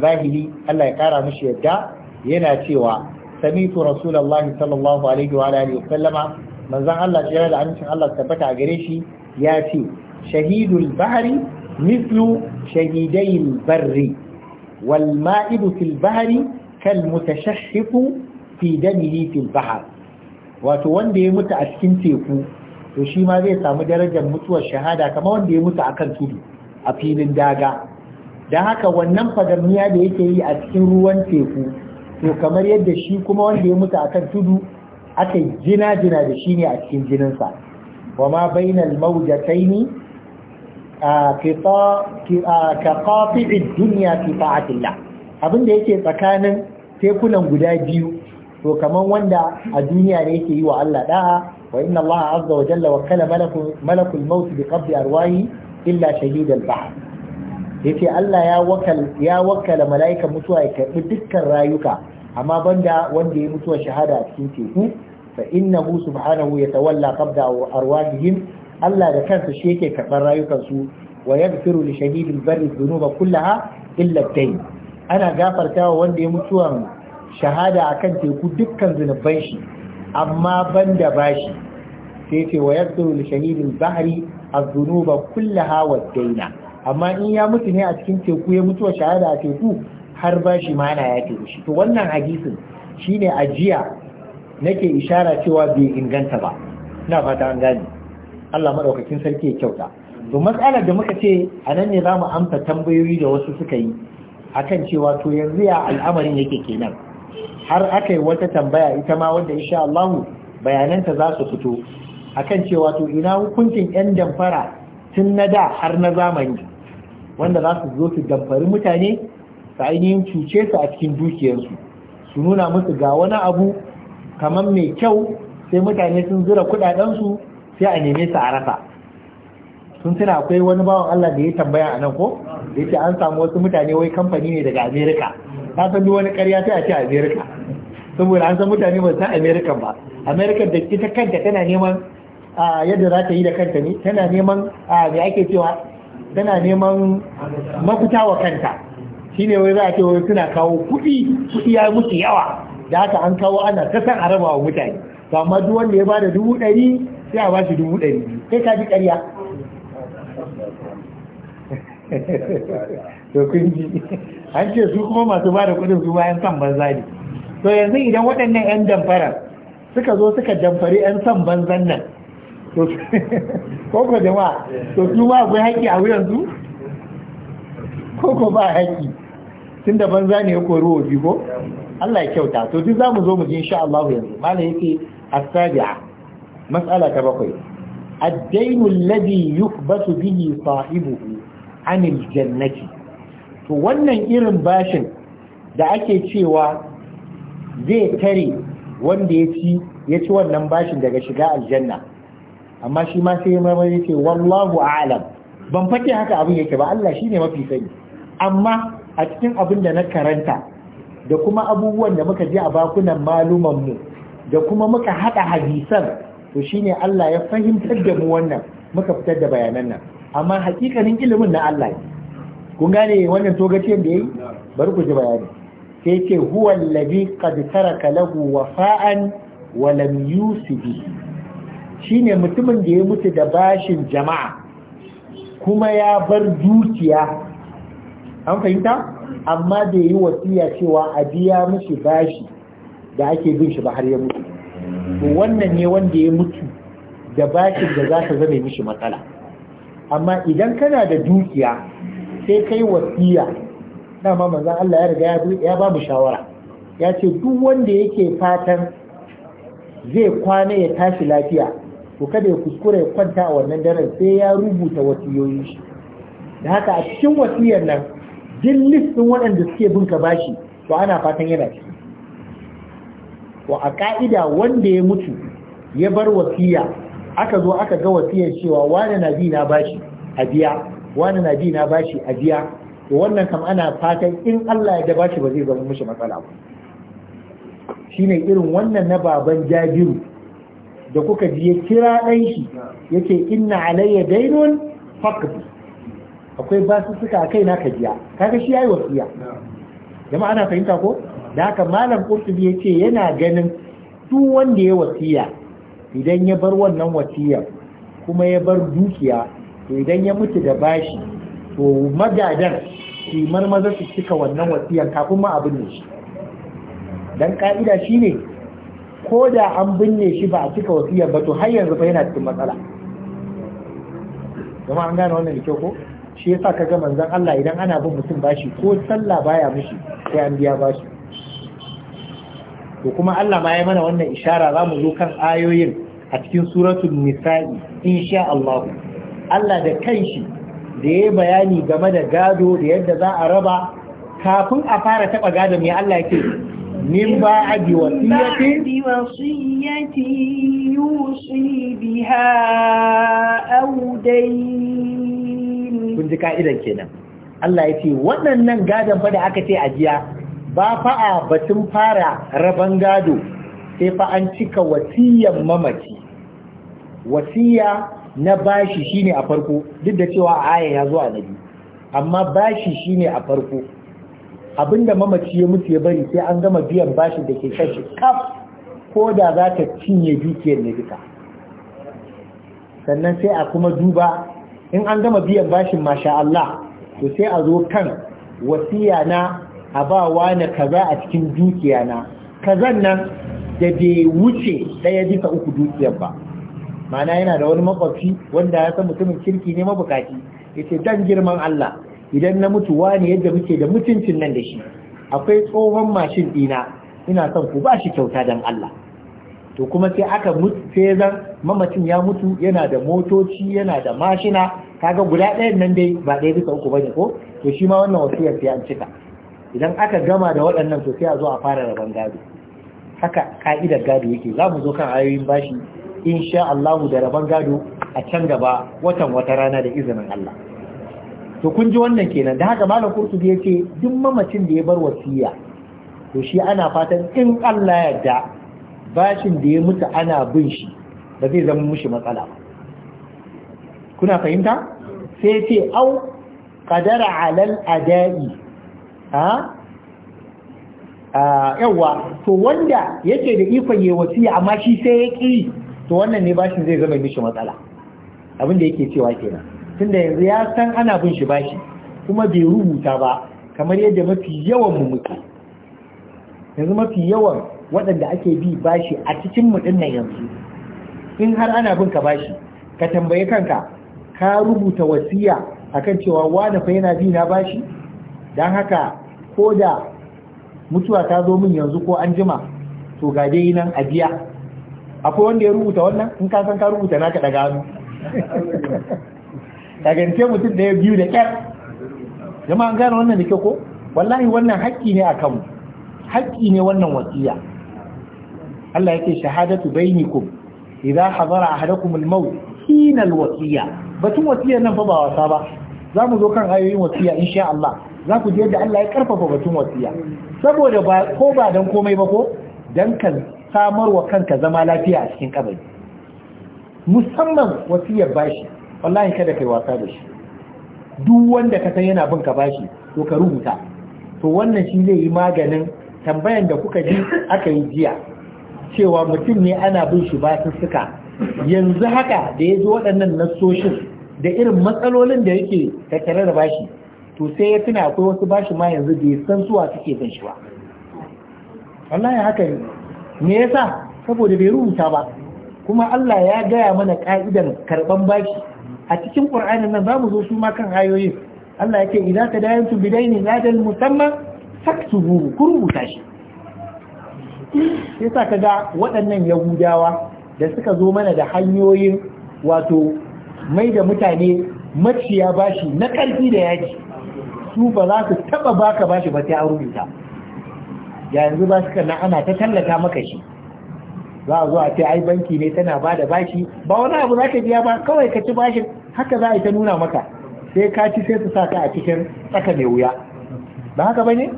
Allah ya kara mishi yadda yana cewa samitu rasulullahi sallallahu alaihi wa alihi wa sallama manzon Allah ya da amincin Allah tabbata a gare shi ya ce shahidul bahri mislu shahidai barri wal ma'idu fil bahri kal mutashahhiqu fi damihi fil bahar wato wanda ya mutu a cikin teku to shi ma zai samu darajar mutuwar shahada kama wanda ya mutu akan tudu a filin daga don haka wannan fadarniya da yake yi a cikin ruwan teku to kamar yadda shi kuma wanda ya mutu akan tudu aka jina jina da shi ne a cikin jininsa wa ma bainal maujataini ka qati'i duniya fi ta'atillah abin yake tsakanin tekunan guda biyu to kaman wanda a duniya ne yake yi wa Allah da'a wa inna Allah azza wa jalla wakala malakul maut bi qabdi arwahi illa shahid al-bahr yace Allah ya wakal ya wakala mala'ikan mutuwa ya karbi dukkan rayuka amma banda wanda ya mutuwa shahada a cikin teku fa innahu subhanahu yatawalla qabda arwahihim Allah da kansa shi yake karban rayukan su wa yaghfiru li shahidil barri dhunuba kullaha illa ad-dayn ana gafartawa wanda ya mutuwa shahada a kan teku dukkan zunuban shi amma banda bashi sai ce wa yadda li shahidil a az-zunuba kulla hawa daina amma in ya mutu ne a cikin teku ya mutu wa shahada a teku har bashi ma ya teku shi to wannan hadisin shine ajiya nake ishara cewa bai inganta ba ina fata an gane Allah madaukakin sarki ya kyauta to matsalar da muka ce a nan ne za mu amsa tambayoyi da wasu suka yi akan cewa to yanzu ya al'amarin yake kenan har aka yi wata tambaya ita ma wanda insha Allah bayananta za su fito akan cewa to ina hukuncin yan damfara tun na da har na zamani wanda za su zo su damfari mutane su ainihin cuce su a cikin dukiyarsu su nuna musu ga wani abu kamar mai kyau sai mutane sun zura kudadensu sai a neme su a rasa sun tuna akwai wani bawan Allah da ya tambaya a nan ko da yake an samu wasu mutane wai kamfani ne daga Amerika ta san duk wani ƙarya sai a ce Amerika saboda an san mutane ba san america ba america da ita kanta tana neman yadda za ta yi da kanta ne tana neman me ake cewa tana neman mafita wa kanta shine wai za a ce wai suna kawo kuɗi kuɗi ya mutu yawa da haka an kawo ana ta san araba wa mutane to amma duk wanda ya bada dubu ɗari sai a bashi dubu ɗari sai ka ji ƙarya to an ce su kuma masu bada kuɗin su bayan san banza to yanzu idan waɗannan 'yan damfara suka zo suka damfari 'yan son banzan nan ko jama'a to su ma akwai haƙƙi a wuyansu ko ko ba haƙƙi tun da banza ne ya kori wofi ko Allah ya kyauta to duk za mu zo mu ji insha Allah yanzu malam yake Asabi'a, matsala ta bakwai ad-daynu alladhi yuhbatu bihi sahibuhu anil jannati to wannan irin bashin da ake cewa zai tare wanda ya ci ya ci wannan bashin daga shiga aljanna amma shi ma sai mai ya ce wallahu a'lam ban fake haka abin yake ba Allah shine mafi sani amma a cikin abin da na karanta da kuma abubuwan da muka ji a bakunan maluman mu da kuma muka hada hadisan to shine Allah ya fahimtar da mu wannan muka fitar da bayanan nan amma hakikanin ilimin na Allah ne kun gane wannan togaciyar da yayi bari ku ji bayani sai ce huwa alladhi qad taraka lahu wafa'an wa bi. Shi ne mutumin da ya mutu da bashin jama'a kuma ya bar dukiya an fahimta amma da yi wasiya cewa a biya mashi bashi da ake bin shi ba har ya mutu wannan ne wanda ya mutu da bashin da za ka zama mishi matsala amma idan kana da dukiya sai kai wasiya dama manzon Allah ya riga ya ba mu shawara ya ce duk wanda yake fatan zai kwana ya tashi lafiya to kada ya kuskure ya kwanta a wannan daren sai ya rubuta wasiyoyi shi da haka a cikin wasiyar nan duk listin waɗanda suke bin ka bashi to ana fatan yana ciki to a ka'ida wanda ya mutu ya bar wasiya aka zo aka ga wasiyar cewa wani na bi na bashi a biya wani na bi na bashi a biya to wannan kam ana fatan in Allah ya daba shi ba zai zama mishi matsala ba shine irin wannan na baban jabiru da kuka ji ya kira ɗan shi yace inna alayya dainun faqdi akwai basu suka kai na kajiya kaga shi yayi wasiya jama'a ana fahimta ko da haka malam qurtubi yace yana ganin duk wanda ya wasiya idan ya bar wannan wasiyar kuma ya bar dukiya to idan ya mutu da bashi to magadan kimar maza su cika wannan wasiyan kafin ma a binne shi dan ka'ida shine ko da an binne shi ba a cika wasiyar ba to har yanzu fa yana cikin matsala kuma an gane wannan da kyau ko shi yasa ka ga manzon Allah idan ana bin mutum bashi ko sallah baya mishi sai an biya bashi to kuma Allah ma ya mana wannan ishara za mu zo kan ayoyin a cikin suratul nisa'i insha Allah Allah da kanshi da ya bayani game da gado da yadda za a raba kafin a fara taɓa gado mai Allah ya ce ba a bi wasiyyati wasiyyati yusi biha audain kun ji ka'idan kenan Allah ya ce waɗannan gadon fa da aka ce a jiya ba fa a batun fara raban gado sai fa an cika wasiyyan mamaci wasiya na bashi shine a farko duk da cewa aya ya zo a nabi amma bashi shine a farko abinda mamaci ya mutu ya bari sai an gama biyan bashi da ke kashi kaf ko da za ta cinye dukiyar ne duka sannan sai a kuma duba in an gama biyan bashin masha Allah to sai a zo kan wasiya na a ba wani kaza a cikin dukiya na kazan nan da bai wuce ɗaya bisa uku dukiyar ba ma'ana yana da wani makwabci wanda ya san mutumin kirki ne mabukaci ce dan girman Allah idan na mutu ne yadda muke da mutuncin nan da shi akwai tsohon mashin ɗina, ina son ku ba shi kyauta dan Allah to kuma sai aka mutu sai zan mamacin ya mutu yana da motoci yana da mashina kaga guda ɗayan nan dai ba ɗaya bisa uku bane ko to shi ma wannan wasiyar sai an cika idan aka gama da waɗannan to sai a zo a fara rabon gado haka ka'idar gado yake za mu zo kan ayoyin bashi In sha Allahu da rabon gado a can gaba watan wata rana da izinin Allah to kun ji wannan kenan da haka malam kurtubi ya ce duk mamacin da ya bar wasiya to shi ana fatan in Allah da, bashin da ya mutu ana bin shi ba zai zama mushi matsala ba kuna fahimta sai ce au kadara alal adai ha ah, yawa to wanda yake da ikon yi wasiya amma shi sai ya ƙi to wannan ne bashin zai zama mishi matsala abin da yake cewa kenan tunda yanzu ya san ana bin shi bashi kuma bai rubuta ba kamar yadda mafi yawan mu muke yanzu mafi yawan waɗanda ake bi bashi a cikin mu din nan yanzu in har ana bin ka bashi ka tambaye kanka ka rubuta wasiya akan cewa wani fa yana bi na bashi dan haka ko da mutuwa ta zo min yanzu ko an jima to ga dai nan biya akwai wanda ya rubuta wannan in ka san ka rubuta naka daga hannu kagance mutum da ya biyu da kyar jama an gano wannan da kyau ko wallahi wannan haƙƙi ne a kanmu haƙƙi ne wannan wasiya Allah yake shahadatu bainakum idza hadara ahadakum al-maut hina al-wasiya batun wasiya nan fa ba wasa ba za mu zo kan ayoyin wasiya insha Allah za ku ji yadda Allah ya karfafa batun wasiya saboda ba ko ba dan komai ba ko dan kan samar wa kanka zama lafiya a cikin kabari musamman wasiyar bashi wallahi kada kai wasa da shi duk wanda ka san yana bin ka bashi to ka rubuta to wannan shi zai yi maganin tambayan da kuka ji aka yi jiya cewa mutum ne ana bin shi basu suka yanzu haka da ya ji waɗannan nasoshin da irin matsalolin da yake tattare da bashi to sai ya tuna akwai wasu bashi ma yanzu da ya san suwa suke bin shi ba wallahi haka ne me yasa saboda bai rubuta ba kuma Allah ya gaya mana ka'idan karban baki a cikin Qur'anin nan zamu zo su ma kan ayoyi Allah yake idan ka dayan tu bidaini ladal musamman saktubu ku rubuta shi yasa ga waɗannan yahudawa da suka zo mana da hanyoyin wato mai da mutane maciya bashi na ƙarfi da yaji su ba za su taɓa baka bashi ba sai an rubuta ya yanzu ba na ana ta tallata maka shi za a zo a ce ai banki ne tana ba da bashi ba wani abu za ka biya ba kawai ka ci bashin haka za a yi ta nuna maka sai ka ci sai su sa ka a cikin tsaka mai wuya ba haka ba ne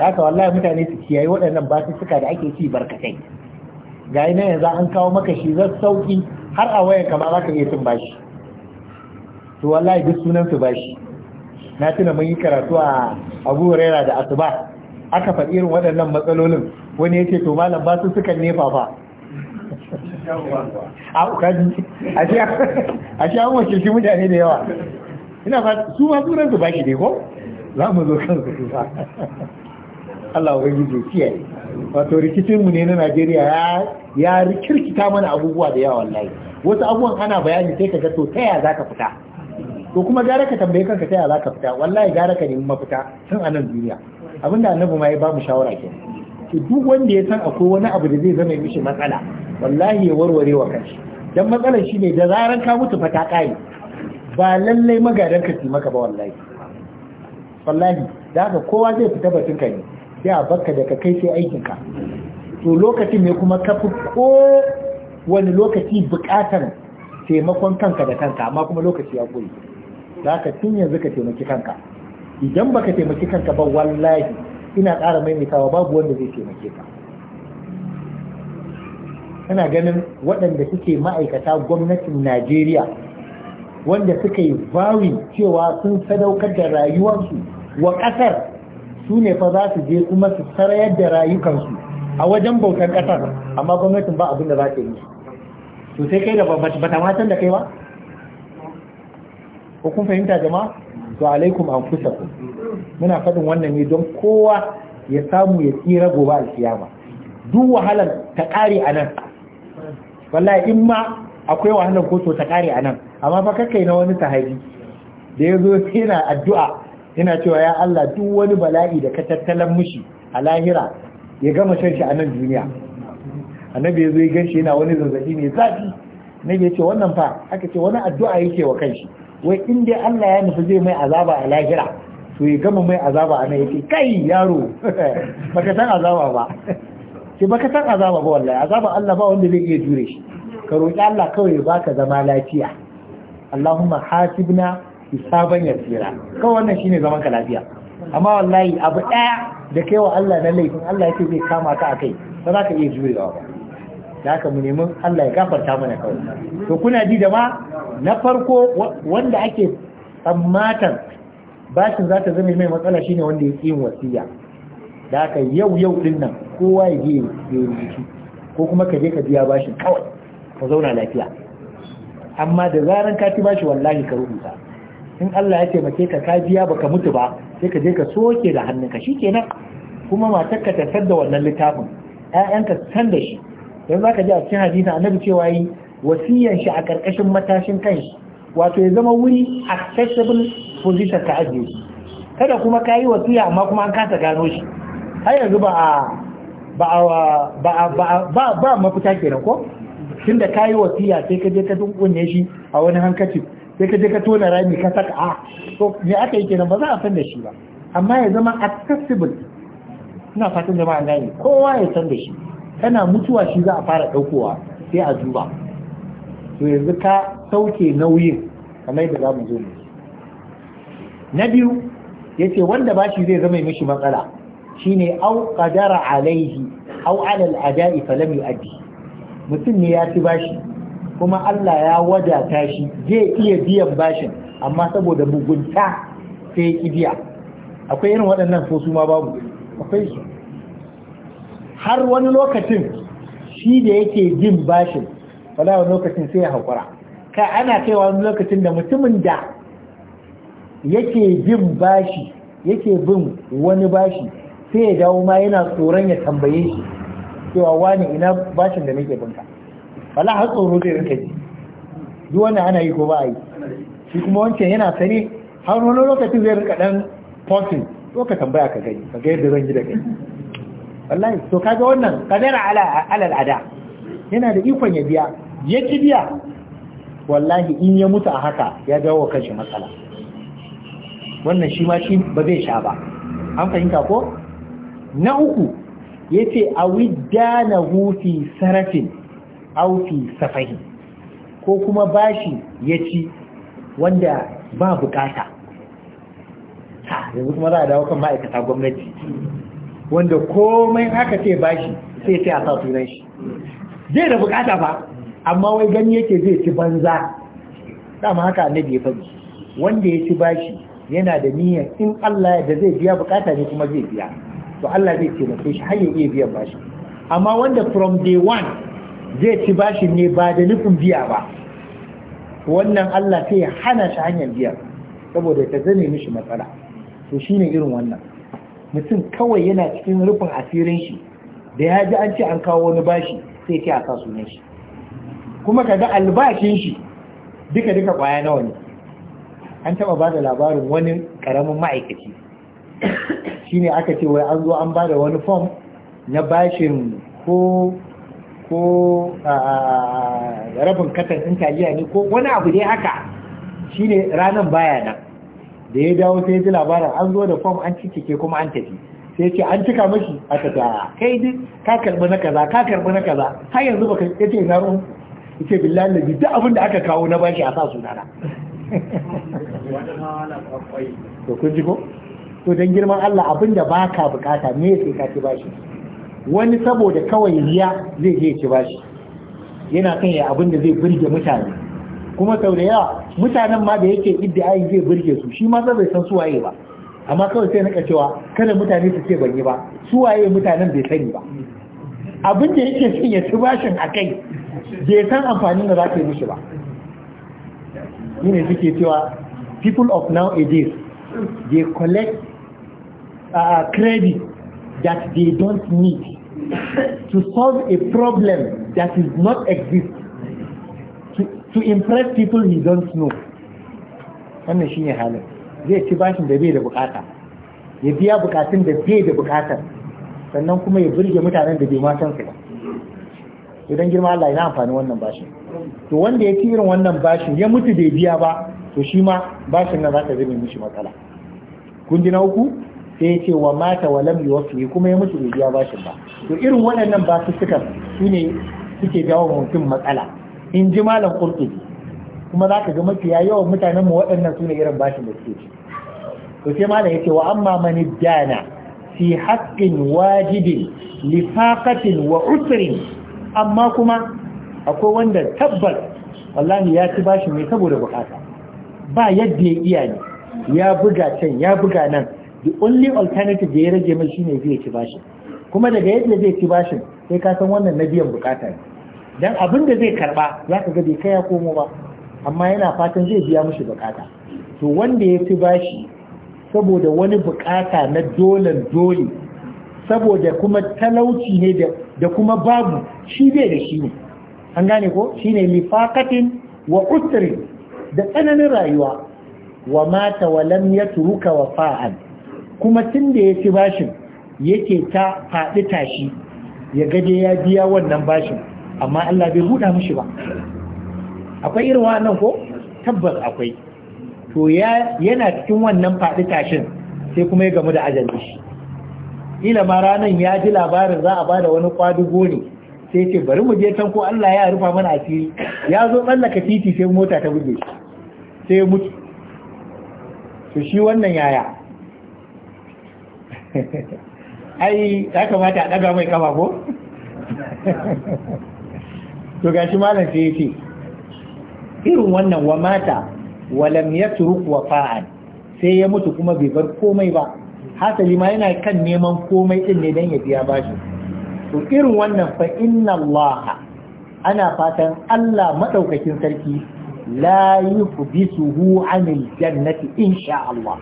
haka wallahi mutane su kiyaye waɗannan suka da ake ci barkatai ga yi yanzu an kawo maka shi zan sauki har a wayan kama za ka iya cin bashi to wallahi duk sunan su bashi na tuna mun yi karatu a abu da asuba aka faɗi irin waɗannan matsalolin wani ya ce to malam ba su suka nefa fa a kaji a shi wace shi mutane da yawa ina ba su ma sunan su baki ne ko za mu zo kan su ba Allah wa gizo kiyaye wato rikicin mu ne na Najeriya ya rikirkita mana abubuwa da yawa wallahi wasu abubuwan ana bayani sai ka ga to taya ka fita to kuma gara ka tambaye kanka taya za ka fita wallahi gara ka nemi mafita tun a nan duniya abinda annabi ma ya ba mu shawara ke to duk wanda ya san akwai wani abu da zai zama mishi matsala wallahi ya warware wa kanshi dan matsalar shine da zaran ka mutu fa ta kai ba lallai magadan ka maka ba wallahi wallahi da ka kowa zai fita batun ka ne sai a bakka da ka kai sai aikin ka to lokacin ne kuma ka fi ko wani lokaci bukatar taimakon kanka da kanka amma kuma lokaci ya koyi Za ka tun yanzu ka taimaki kanka idan baka taimaki kanka ba wallahi ina ƙara maimaitawa babu wanda zai taimake ka kana ganin waɗanda suke ma'aikata gwamnatin najeriya wanda suka yi bawi cewa sun sadaukar da rayuwarsu wa ƙasar su ne fa za su je kuma su sarayar da rayukansu a wajen bautar ƙasar amma gwamnatin ba abin da za ta yi to sai kai da bata matan da kai ba ko kun fahimta jama'a wa alaikum ku muna faɗin wannan ne don kowa ya samu ya tsira gobe alkiyama duk wahalar ta ƙare a nan wallahi in ma akwai wahalar ko ta ƙare a nan amma fa kakai na wani sahabi da ya zo yana addu'a yana cewa ya Allah duk wani bala'i da ka tattalan mushi a lahira ya gama shan shi a nan duniya annabi ya zo ya gan yana wani zazzabi mai zafi nabi ya ce wannan fa aka ce wani addu'a yake wa kanshi wai in dai Allah ya nufi zai mai azaba a lahira to ya gama mai azaba a yake kai yaro baka san azaba ba sai baka san azaba ba wallahi azaba Allah ba wanda zai iya jure shi ka roki Allah kawai ya baka zama lafiya Allahumma hasibna hisaban yasira kawai wannan shine zaman ka lafiya amma wallahi abu daya da kai wa Allah na laifin Allah yake zai kama ka akai ba za ka iya jurewa ba da haka mu nemi Allah ya gafarta mana kawai to kuna ji da ma na farko wanda ake tsammatan bashin za ta zama mai matsala shine wanda ya yin wasiya da haka yau yau din nan kowa ya je ya shi ko kuma ka je ka biya bashin kawai ka zauna lafiya amma da zaran ka ci bashi wallahi ka rubuta in Allah ya taimake ka ka biya baka mutu ba sai ka je ka soke da hannunka shikenan kuma matarka ta da wannan littafin ƴaƴanka san da shi yanzu zaka ji a cikin hadisi annabi cewa yi wasiyan shi a karkashin matashin kai. wato ya zama wuri accessible position ka ajiye shi kada kuma ka yi wasiya amma kuma an kasa gano shi har yanzu ba a ba a ba ba mafita kenan ko da ka yi wasiya sai ka je ka dunkunye shi a wani hankaci sai ka je ka tona rami ka saka a ah, So me aka yi kenan ba za a san da shi ba amma ya zama accessible ina fatan jama'a gane kowa ya san da shi kana mutuwa shi za a fara ɗaukowa sai a duba to yanzu ka sauke nauyin kamar da za mu zo na biyu yace wanda bashi zai zama mishi matsala shine au qadara alaihi au ala al-ada'i falam yu'addi mutum ne ya ci bashi kuma Allah ya wadata shi zai iya biyan bashin amma saboda mugunta sai ya biya akwai irin waɗannan so ma babu akwai su har wani lokacin shi da yake jin bashin wala wani lokacin sai ya haƙura ka ana kai wani lokacin da mutumin da yake jin bashi yake bin wani bashi sai ya dawo ma yana tsoron ya tambaye shi cewa wani ina bashin da nake binka wala har tsoro zai rinka ji duk wani ana yi ko ba a yi shi kuma wancan yana sani har wani lokacin zai rinka dan posting ko ka tambaya ka gani ka ga yadda zan yi da kai wallahi to kaga wannan kadara ala alal ada yana da ikon ya biya ya ci biya wallahi in ya mutu a haka ya dawo kanshi matsala wannan shi ma shi ba zai sha ba an fahimta ko na uku yace awidanahu fi sarafin aw fi safahi ko kuma bashi ya ci wanda ba bukata yanzu kuma za a dawo kan ma'aikata gwamnati wanda komai aka ce bashi sai sai a sa sunan shi zai da bukata ba amma wai gani yake zai ci banza dama haka annabi ya faɗi wanda ya ci bashi yana da niyya in Allah da zai biya bukata ne kuma zai biya to Allah zai taimake shi har ya iya biyan bashi amma wanda from day one zai ci bashi ne ba da nufin biya ba wannan Allah sai ya hana shi hanyar biya saboda ta zame mishi matsala to shine irin wannan mutum kawai yana cikin rufin asirin shi da ya ji an ce an kawo wani bashi sai ke a sa sunan shi kuma kaga albashin shi duka duka kwaya nawa ne an taba bada labarin wani karamin ma'aikaci shine aka ce wai an zo an bada wani form na bashin ko ko rabin katan ɗin ne ko wani abu dai haka shine ranan baya nan da ya dawo sai ji labarin an zo da fom an cike ke kuma an tafi sai ce an cika mashi a tafi a kai duk ka karbi na kaza ka karbi na kaza har yanzu baka ya ce na ruwan ya ce billahi labi duk abin da aka kawo na bashi a sa sunana to kun ji ko to don girman Allah abin da ba ka bukata me sai ka ci bashi wani saboda kawai riya zai je ci bashi yana kan ya abin da zai burge mutane kuma sau da yawa mutanen ma da yake iddiayin zai burge su shi ma sai bai san suwaye ba amma kawai sai na cewa kada mutane su ce ban yi ba suwaye mutanen bai sani ba abin da yake son ya ci bashin a kai bai san amfanin da za ta yi mishi ba Yin suke cewa people of now days they collect uh, uh, credit that they don't need to solve a problem that is not exist to impress people he don't know wannan shi ne halin zai ci bashin da bai da bukata ya biya bukatun da bai da bukatar sannan kuma ya burge mutanen da bai ma san su ba idan girma Allah ya amfani wannan bashin to wanda ya ci irin wannan bashin ya mutu bai biya ba to shi ma bashin nan zaka zame mishi matsala kun ji na uku sai ya ce wa mata wa lam yuwaffi kuma ya mutu bai biya bashin ba to irin waɗannan basussukan su ne suke jawo mutum matsala in ji malam kurtubi kuma za ka ga mafiya yawan mutanen mu waɗannan su ne irin bashin da suke ci to sai malam yace wa amma man dana fi haqqin wajibin lifaqatin wa usrin amma kuma akwai wanda tabbas wallahi ya ci bashi ne saboda bukata ba yadda ya iya ne ya buga can ya buga nan the only alternative da ya rage mai shine zai ci bashi kuma daga yadda zai ci bashin sai ka san wannan na biyan bukata ne dan abin da zai karba za ka ga bai kai ya komo ba amma yana fatan zai biya mushi bukata to wanda ya fi bashi saboda wani bukata na dolan dole saboda kuma talauci ne da kuma babu shi bai da shi ne an gane ko shi ne lifakatin wa usirin da tsananin rayuwa wa mata wa ya yatruka wa kuma tun da ya ci bashin yake ta faɗi tashi ya gaje ya biya wannan bashin amma Allah bai buɗa mashi ba akwai irin wannan ko tabbas akwai to ya yana cikin wannan faɗi tashin sai kuma ya gamu da ajali shi ila ma ranan ya ji labarin za a bada wani kwadugo ne sai ce bari mu je can ko Allah ya rufa mana asiri ya zo tsallaka titi sai mota ta buge sai ya mutu to shi wannan yaya ai ya kamata a ɗaga mai kafa ko to gashi malam sai ce, irin wannan wa mata walam yatruk wafa'an sai ya mutu kuma bai bar komai ba hasali ma yana kan neman komai din ne dan ya biya bashi to irin wannan fa inna Allah ana fatan Allah madaukakin sarki la yufbisuhu anil jannati insha Allah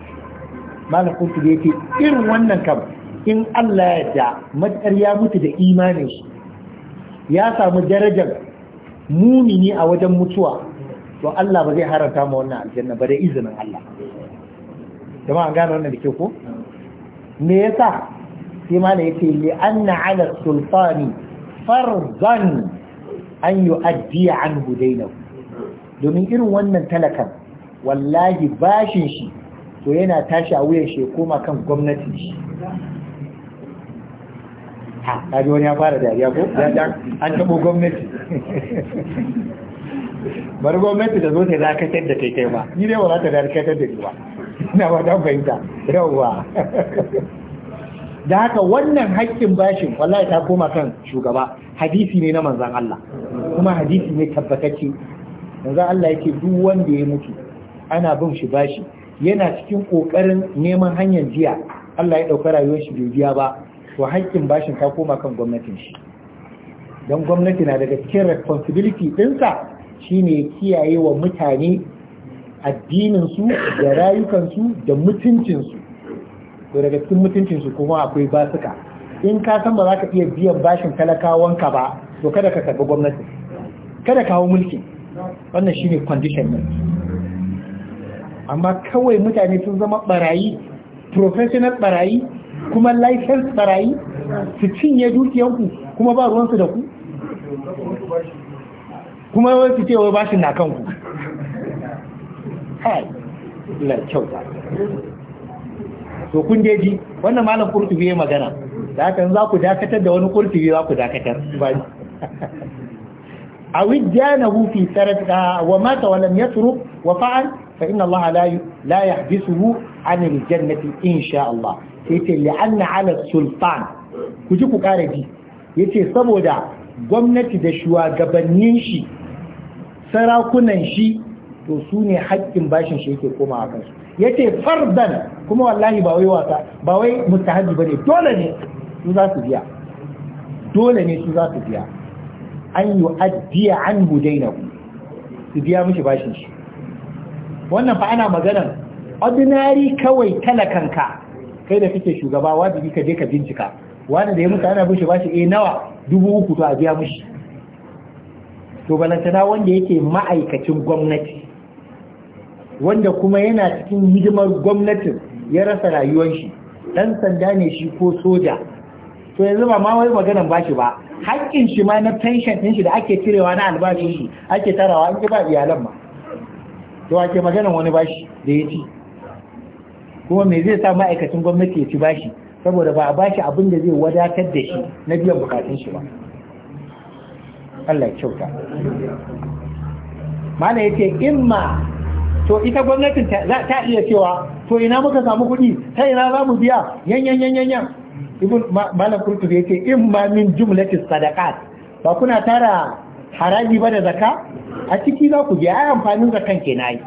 malam kuntu yace irin wannan kam in Allah ya da matsar ya mutu da imanin shi ya samu darajar mumini a wajen mutuwa to Allah ba zai haranta ma wannan aljanna ba da izinin Allah jama'a an gane wannan da ke ko me yasa sai ma da yake li anna ala sultani farzan an yu'addi an hudainahu domin irin wannan talakan wallahi bashin shi to yana tashi a wuyan shi ya koma kan gwamnati shi ha ga wani ya fara dariya ko ya an tabo gwamnati bari gwamnati da zo ta dakatar da kai kai ba ni dai wala ta dakatar da ni ba ina ba ta fahimta rawa da haka wannan haƙƙin bashin wallahi ta koma kan shugaba hadisi ne na manzan Allah kuma hadisi ne tabbatacce manzan Allah yake duk wanda ya mutu ana bin shi bashi yana cikin ƙoƙarin neman hanyar jiya Allah ya ɗauka rayuwar shi bai biya ba to haƙƙin bashin ta koma kan gwamnatin shi don gwamnati na daga cikin responsibility ɗinsa shine kiyaye wa mutane addininsu da rayukansu da mutuncinsu to daga cikin mutuncinsu kuma akwai basuka in ka san ba za ka iya biyan bashin talakawanka ba to kada ka karɓi gwamnati kada kawo mulki wannan shine condition ne amma kawai mutane sun zama barayi professional barayi kuma laifin tsarayi su cinye dukiyanku kuma ba ruwansu da ku kuma wai su ce wai bashin na kanku hai na kyauta to kun je wannan malam kurtubi ya magana da haka za ku dakatar da wani kurtubi za ku dakatar a wijjana hufi sarata wa mata walam turu wa fa'an? فإن الله لا لا يحبسه عن الجنة إن شاء الله yace li'anna ala sultan ku ji ku kare ji yace saboda gwamnati da shugabannin shi sarakunan shi to su ne haƙƙin bashin shi yake koma a kansu yace fardan kuma wallahi ba wai wasa ba wai mustahabi bane dole ne su za su biya an su biya bashin shi wannan fa ana maganar ordinary kawai ka, kai da kake shugaba wa wajibi ka je ka bincika wani da ya mutu ana bushe bashi eh nawa dubu uku to a biya mushi to balantana wanda yake ma'aikacin gwamnati wanda kuma yana cikin hidimar gwamnatin ya rasa rayuwar shi dan sanda ne shi ko soja to yanzu ba ma wai maganan bashi ba haƙƙin shi ma na pension ɗin shi da ake cirewa na albashin shi ake tarawa an ba iyalan ma to wace maganan wani bashi da ya ci kuma me zai sa ma'aikacin gwamnati ya ci bashi saboda ba a bashi abin da zai wadatar da shi na biyan bukatun shi ba Allah ya kyauta mana yace imma to ita gwamnatin ta iya cewa to ina muka samu kuɗi ta ina za mu biya yan yan yan yan yan ibn malam kurtubi yace imma min jumlatis sadaqat ba kuna tara haraji ba da zaka a ciki za ku je ai amfanin zakan ke nayi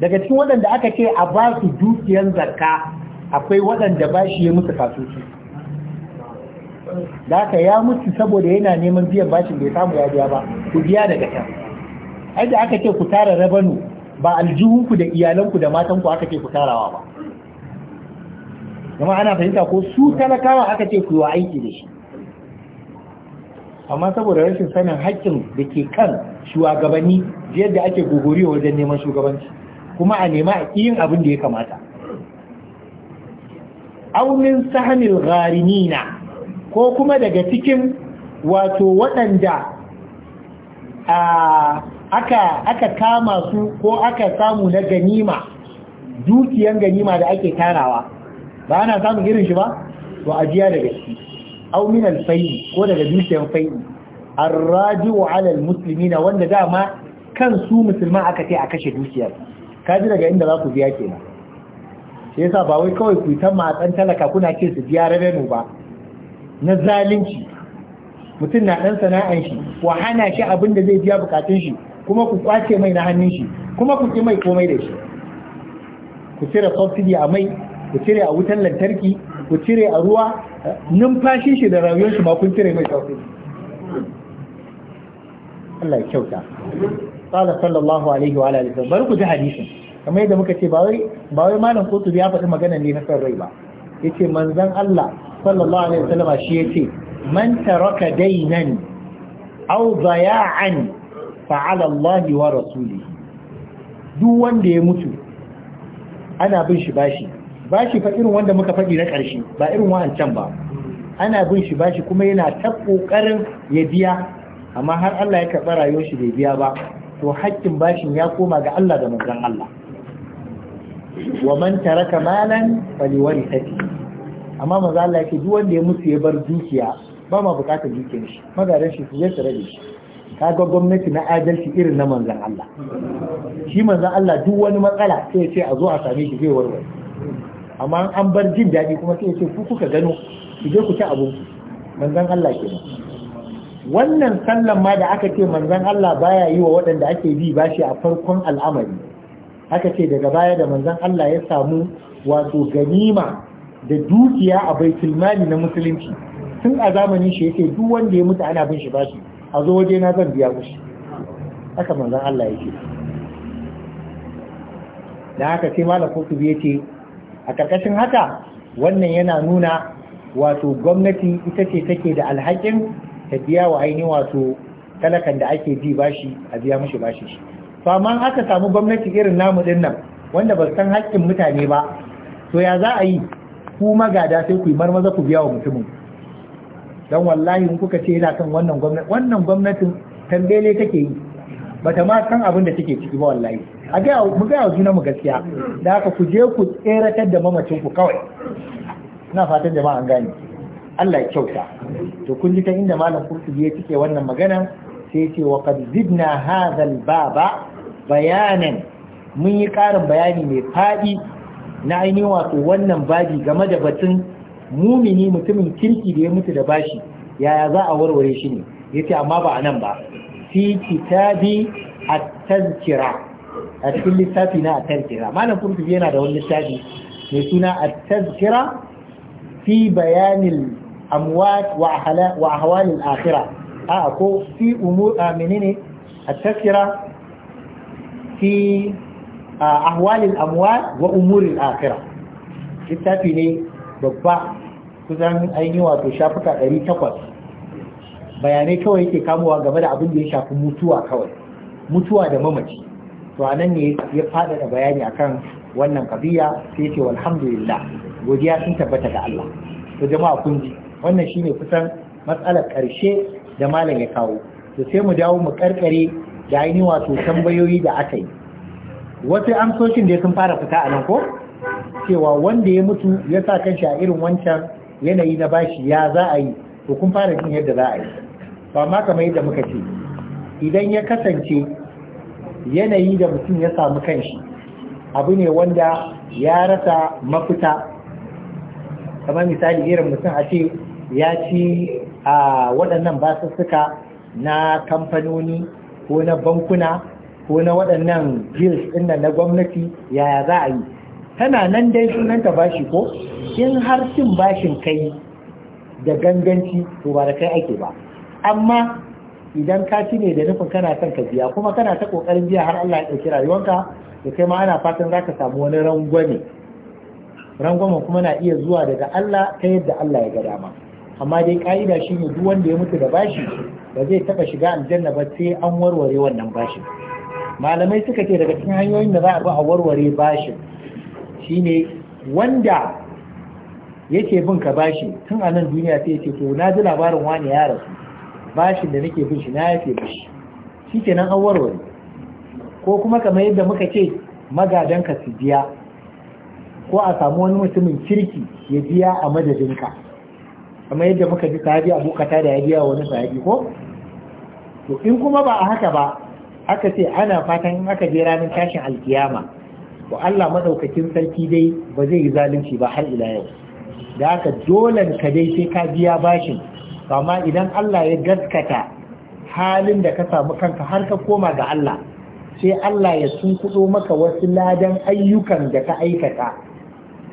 daga cikin waɗanda aka ce a ba su dukiyar zakka akwai waɗanda ba shi ya musu kasusu da aka ya mutu saboda yana neman biyan bashin bai samu ya biya ba ku biya daga can ai da aka ce ku tara rabanu ba aljihunku da iyalanku da matanku aka ce ku tarawa ba kuma ana fahimta ko su talakawa aka ce ku yi aiki da shi amma saboda rashin sanin haƙƙin da ke kan shugabanni yadda ake gogori wajen neman shugabanci kuma a nema a yin abin da ya kamata aunin sahanil gharinina ko kuma daga cikin wato waɗanda aka kama su ko aka samu na ganima dukiyan ganima da ake tarawa ba ana samun irin shi ba to ajiya daga ciki aw min al-fayl ko daga dukiyar fayl ar-raji'u 'ala al-muslimina wanda dama kan su musulman aka ce a kashe dukiyar kaji daga inda za ku biya kenan shi yasa ba wai kawai ku ta matsan talaka kuna ce su biya rabenu ba na zalunci mutum na dan sana'an shi ku hana shi abin da zai biya bukatun shi kuma ku kwace mai na hannun shi kuma ku ki mai komai da shi ku cire subsidy a mai ku cire a wutan lantarki ku cire a ruwa numfashi shi da rayuwar shi ma kun cire mai sauki Allah ya kyauta qala sallallahu alaihi wa alihi Bar ku ji hadisin kamar yadda muka ce ba wai ba wai malam kutubi ya faɗi magana ne na san rai ba yace manzon Allah sallallahu alaihi wasallam shi yace man taraka daynan aw daya'an fa ala Allah wa rasulihi duk wanda ya mutu ana bin shi bashi bashi fa irin wanda muka faɗi na ƙarshe ba irin wa'ancan ba ana bin shi bashi kuma yana ta ƙoƙarin ya biya amma har Allah ya karɓa rayuwar shi bai biya ba to haƙƙin bashin ya koma ga Allah da manzon Allah wa man taraka malan faliwarithati amma manzo Allah yake duk wanda ya mutu ya bar dukiya ba ma bukatar dukiyar shi magaran shi su zai rage shi kaga gwamnati na adalci irin na manzon Allah shi manzon Allah duk wani matsala sai ya ce a zo a same shi zai warware amma an bar jin daɗi kuma sai ya ce ku kuka gano ku je ku ci abu manzan Allah ba. wannan sallan ma da aka ce manzan Allah baya yi wa waɗanda ake bi bashi a farkon al'amari aka ce daga baya da manzan Allah ya samu wato ganima da dukiya a bai mali na musulunci tun a zamanin shi yake duk wanda ya mutu ana bin shi bashi a zo waje na zan biya mushi haka manzan Allah yake da haka sai malam Qurtubi ce. a ƙarƙashin haka wannan yana nuna wato gwamnati ita ce take da alhakin ta biya wa ainihin wato talakan da ake bi bashi a biya mashi bashi shi to amma aka samu gwamnati irin namu din nan wanda ba san haƙƙin mutane ba to ya za a yi ku magada sai ku yi marmaza ku biya wa mutumin Don wallahi in kuka ce yana kan wannan gwamnati wannan gwamnatin tambele take yi bata ma san abin da take ciki ba wallahi a ga mu ga juna mu gaskiya da haka ku je ku tseratar da mamacin ku kawai ina fatan jama'a an gane Allah ya kyauta to kun ji ta inda malam kurtu ya cike wannan magana sai ce wa qad zidna hadha baba bayanan mun yi karin bayani mai fadi na ainihin wato wannan babi game da batun mumini mutumin kirki da ya mutu da bashi yaya za a warware shi ne yace amma ba a nan ba fi kitabi at-tazkira a cikin littafi na at-tazkira malam kurtubi yana da wani littafi mai suna at-tazkira fi bayanin amwat wa ahala wa ahwalil akhira. a ko fi umur menene at-tazkira fi ahwalil amwat wa umuril akhira? littafi ne babba kusan ainihi wato shafuka 800 bayanai kawai yake kamowa game da abin da ya shafi mutuwa kawai mutuwa da mamaci to a nan ne ya faɗaɗa bayani akan wannan kabiya sai ce alhamdulillah godiya sun tabbata ga Allah to jama'a kun ji wannan shine kusan matsalar ƙarshe da malam ya kawo to sai mu dawo mu karkare da ainihin wato tambayoyi da aka yi wasu amsoshin da sun fara fita a nan ko cewa wanda ya mutu ya sa kanshi a irin wancan yanayi na bashi ya za a yi to kun fara jin yadda za a yi ba ma kamar yadda muka ce idan ya kasance yanayi da mutum ya samu kanshi abu ne wanda ya rasa mafita kamar misali irin mutum a ce ya ci a waɗannan basussuka na kamfanoni ko na bankuna ko na waɗannan bills ɗin na gwamnati yaya za a yi tana nan dai sunanta bashi ko in har cin bashin kai da ganganci to ba da kai ake ba amma idan ka ci ne da nufin kana son ka biya kuma kana ta kokarin biya har Allah ya dauki rayuwarka to kai ma ana fatan zaka samu wani rangwame rangwame kuma na iya zuwa daga Allah ta yadda Allah ya ga dama amma dai ka'ida shine duk wanda ya mutu da bashi ba zai taba shiga aljanna ba sai an warware wannan bashin malamai suka ce daga cikin hanyoyin da za a bi a warware bashin shine wanda yake bin ka bashi tun a nan duniya sai ce to na ji labarin wani ya rasu bashin da nake bin shi na yafe bashi shi kenan an warware ko kuma kamar yadda muka ce magadan ka su biya ko a samu wani mutumin kirki ya biya a madadin ka? kamar yadda muka ji sahabi abokata da ya biya wani sahabi ko to in kuma ba a haka ba aka ce ana fatan in aka je ranar tashin alkiyama ko Allah madaukakin sarki dai ba zai yi zalunci ba har ila yau da haka dole ka dai sai ka biya bashin amma idan Allah ya gaskata halin da ka samu kanka har ka koma ga Allah sai Allah ya sunkudo maka wasu ladan ayyukan da ka aikata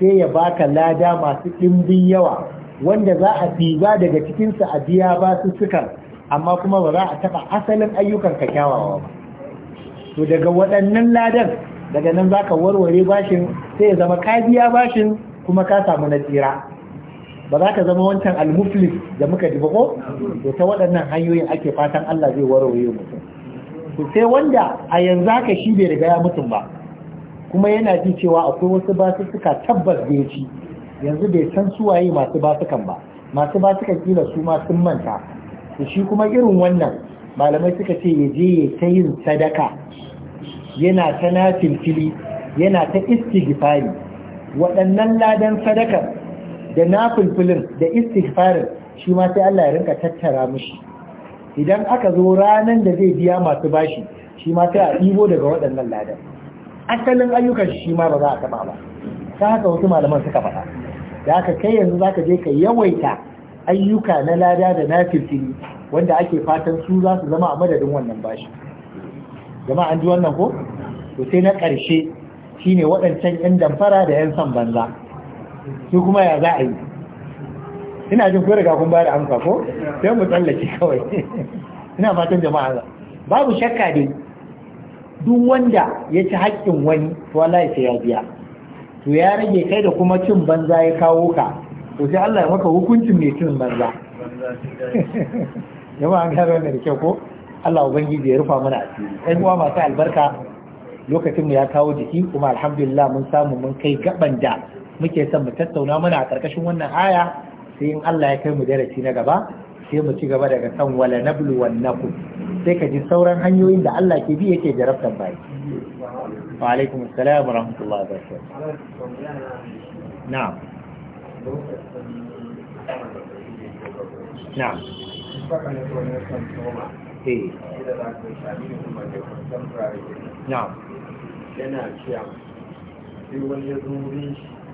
sai ya baka lada masu dimbin yawa wanda za a biya daga cikinsa a biya ba su sukan amma kuma ba za a taɓa asalin ayyukan ka kyawawa ba to daga waɗannan ladan daga nan za ka warware bashin sai ya zama ka biya bashin kuma ka samu na tsira ba za ka zama wancan almuflis da muka ji ko da ta waɗannan hanyoyin ake fatan Allah zai warware mutum to sai wanda a yanzu haka shi bai riga ya mutum ba kuma yana ji cewa akwai wasu basussuka tabbas da ya ci yanzu bai san su waye masu basukan ba masu basukan kila su ma sun manta to shi kuma irin wannan malamai suka ce ya je ya ta yin sadaka yana ta nafilfili yana ta istighfari waɗannan ladan sadakar da nafulfulin da istighfarin shi ma sai Allah ya rinka tattara mushi idan aka zo ranan da zai biya masu bashi shi ma sai a ɗibo daga waɗannan ladan asalin ayyukan shi ma ba za a taɓa ba ta haka wasu malaman suka faɗa da aka kai yanzu za ka je ka yawaita ayyuka na lada da na firfiri wanda ake fatan su za su zama a madadin wannan bashi jama'a an ji wannan ko to sai na ƙarshe shine waɗancan 'yan damfara da 'yan san banza su kuma ya za a yi ina jin ko riga kun ba da amsa ko sai mu tsallake kawai ina fatan jama'a babu shakka dai duk wanda ya ci haƙƙin wani to wallahi sai ya biya to ya rage kai da kuma cin banza ya kawo ka to sai Allah ya maka hukuncin mai cin banza jama'a an gano da kyau ko Allah ubangiji ya rufa mana asiri ɗan uwa masu albarka lokacin mu ya kawo jiki kuma alhamdulillah mun samu mun kai gaban da muke son mu tattauna mana a ƙarƙashin wannan aya sai in Allah ya kai mu darasi na gaba sai mu ci gaba daga kan wala nablu wan naku sai ka ji sauran hanyoyin da Allah ke bi yake jarabtar bai wa alaikum assalam wa rahmatullahi wa barakatuh na'am na'am eh na'am yana cewa sai wani ya zo wurin shi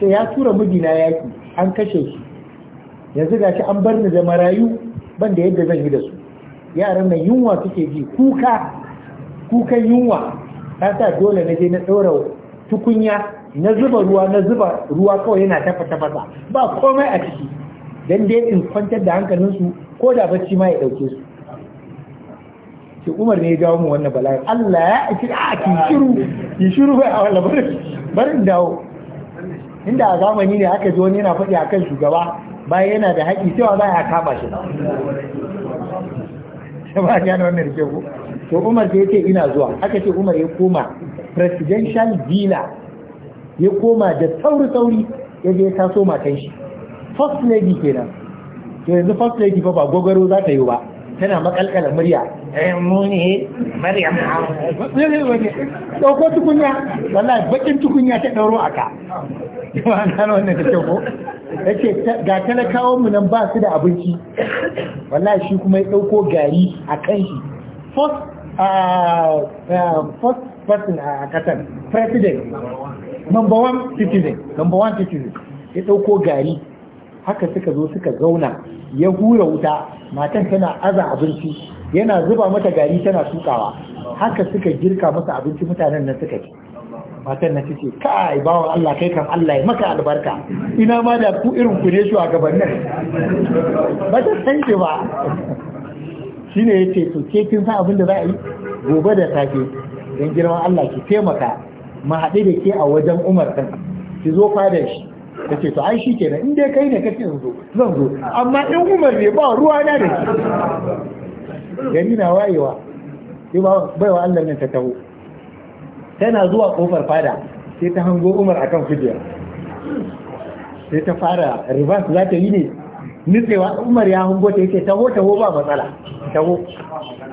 ce ya tura mijina yaƙi an kashe su yanzu ga shi an bar ni da marayu ban da yadda zan yi da su yaran nan yunwa suke ji kuka kukan yunwa ta sa dole na je na ɗora tukunya na zuba ruwa na zuba ruwa kawai yana tafa tafasa ba komai a ciki dan dai in kwantar da hankalin su ko da bacci ma ya ɗauke su ki umar ne ya jawo mu wannan bala'i Allah ya aiki a ki shiru ki shiru bai a wannan barin dawo inda a zamani ne aka ji wani yana faɗi a kan shugaba bayan yana da haƙi cewa za a kama shi ba ya da wannan rikin ku to umar da ce ina zuwa aka ce umar ya koma presidential villa ya koma da sauri sauri ya je ya taso matan shi first lady kenan to yanzu first lady ba gogaro za ta yi ba tana makalkala murya eh mu ne maryam eh, eh, tukunya wallahi bakin tukunya ta ɗauro a ka. jama'a gano wannan da kyau ko ce ga talakawan mu nan ba su da abinci wallahi shi kuma ya dauko gari a kan shi first ah, ah, person a kasar president number one citizen number one citizen ya dauko gari haka suka zo suka zauna ya hura wuta matan tana aza abinci yana zuba mata gari tana tukawa haka suka girka masa abinci mutanen nan suka ci matan na cike kai bawon Allah kai kan Allah ya maka albarka ina ma da ku irin ku ne nan. ba ta san shi ba shine yace to ke kin san abin da za a yi gobe da safe dan girman Allah ki taimaka mu haɗe da ke a wajen Umar kan ki zo fadar shi ta ce to ai shi kenan in dai kai ne kace zo zan zo amma in Umar ne ba ruwa na da shi gari na wayewa sai ba wa Allah ne ta taho tana zuwa kofar fada sai ta hango umar akan kujera sai ta fara rivers za ta yi ne nitsewa umar ya hango ta yake taho taho ba matsala taho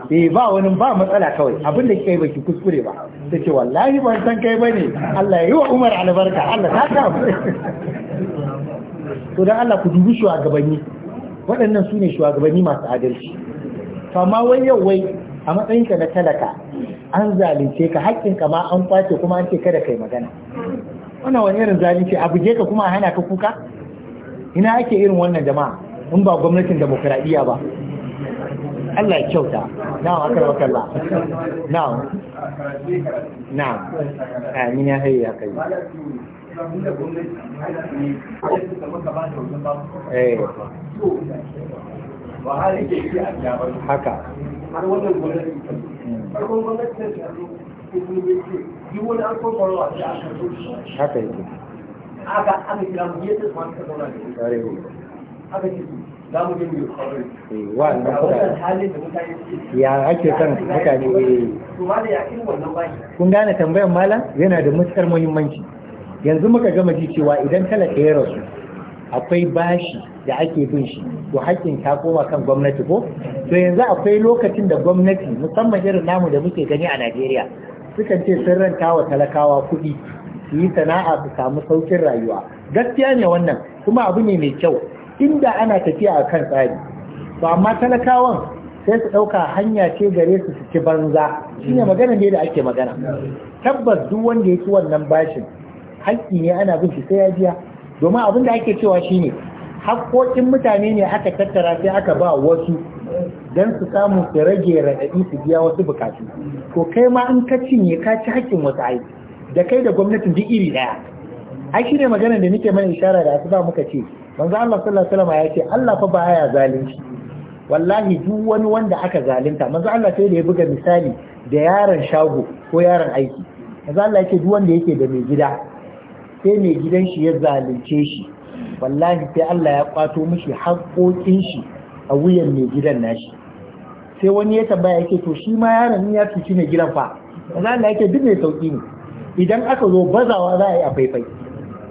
eh ba wani ba matsala kawai Abinda da kai baki kuskure ba ta ce wallahi ban san kai bane Allah ya yi wa umar albarka Allah ta ta to dan Allah ku dubi shugabanni waɗannan su ne shugabanni masu adalci to amma wai yau wai a matsayinka na talaka an zalunce ka haƙƙin ka ma an kwace kuma an ce kada kai magana wannan wani irin zalunci a buge ka kuma a hana ka kuka ina ake irin wannan jama'a in ba gwamnatin demokradiyya ba Allah ya kyauta na'am akar wakalla na na'am amin ya ya kai eh haka har wannan gwamnati farkon wani an kwarawa da aka haka yake aka aka kira mu yadda da mu yi kwarai eh, kuɗa ya ake kan mutane eh. kun gane tambayar malam yana da matukar muhimmanci yanzu muka gama ji cewa idan talaka ya rasu akwai bashi da ake bin shi to hakkin ta koma kan gwamnati ko to yanzu akwai lokacin da gwamnati musamman irin namu da muke gani a Najeriya sukan ce sun ranta wa talakawa kuɗi su yi sana'a su samu saukin rayuwa gaskiya ne wannan kuma abu ne mai kyau inda ana tafiya a kan tsari to amma talakawan sai su ɗauka hanya ce gare su su ci banza shi ne magana ne da ake magana tabbas duk wanda ya ci wannan bashin hakki ne ana bin shi sai ya biya domin abin da ake cewa shi ne, haƙoƙin mutane ne aka tattara sai aka ba wasu don su samu su rage raɗaɗi su biya wasu bukatu Ko kai ma in ka cinye ka ci haƙƙin wasu ai da kai da gwamnatin duk iri ɗaya ai shi ne maganar da nake mana ishara da asuba muka ce manzo Allah sallallahu alaihi wasallam ya ce Allah fa ba ya zalunci wallahi duk wani wanda aka zalunta manzo Allah sai da ya buga misali da yaron shago ko yaron aiki manzo Allah yake duk wanda yake da mai gida sai mai gidan shi ya zalunce shi wallahi sai Allah ya kwato mishi haƙoƙin shi a wuyan mai gidan nashi sai wani ya tambaya yake to shi ma yaron ya cuci mai gidan fa wallahi Allah yake duk mai sauki ne idan aka zo bazawa za a yi a faifai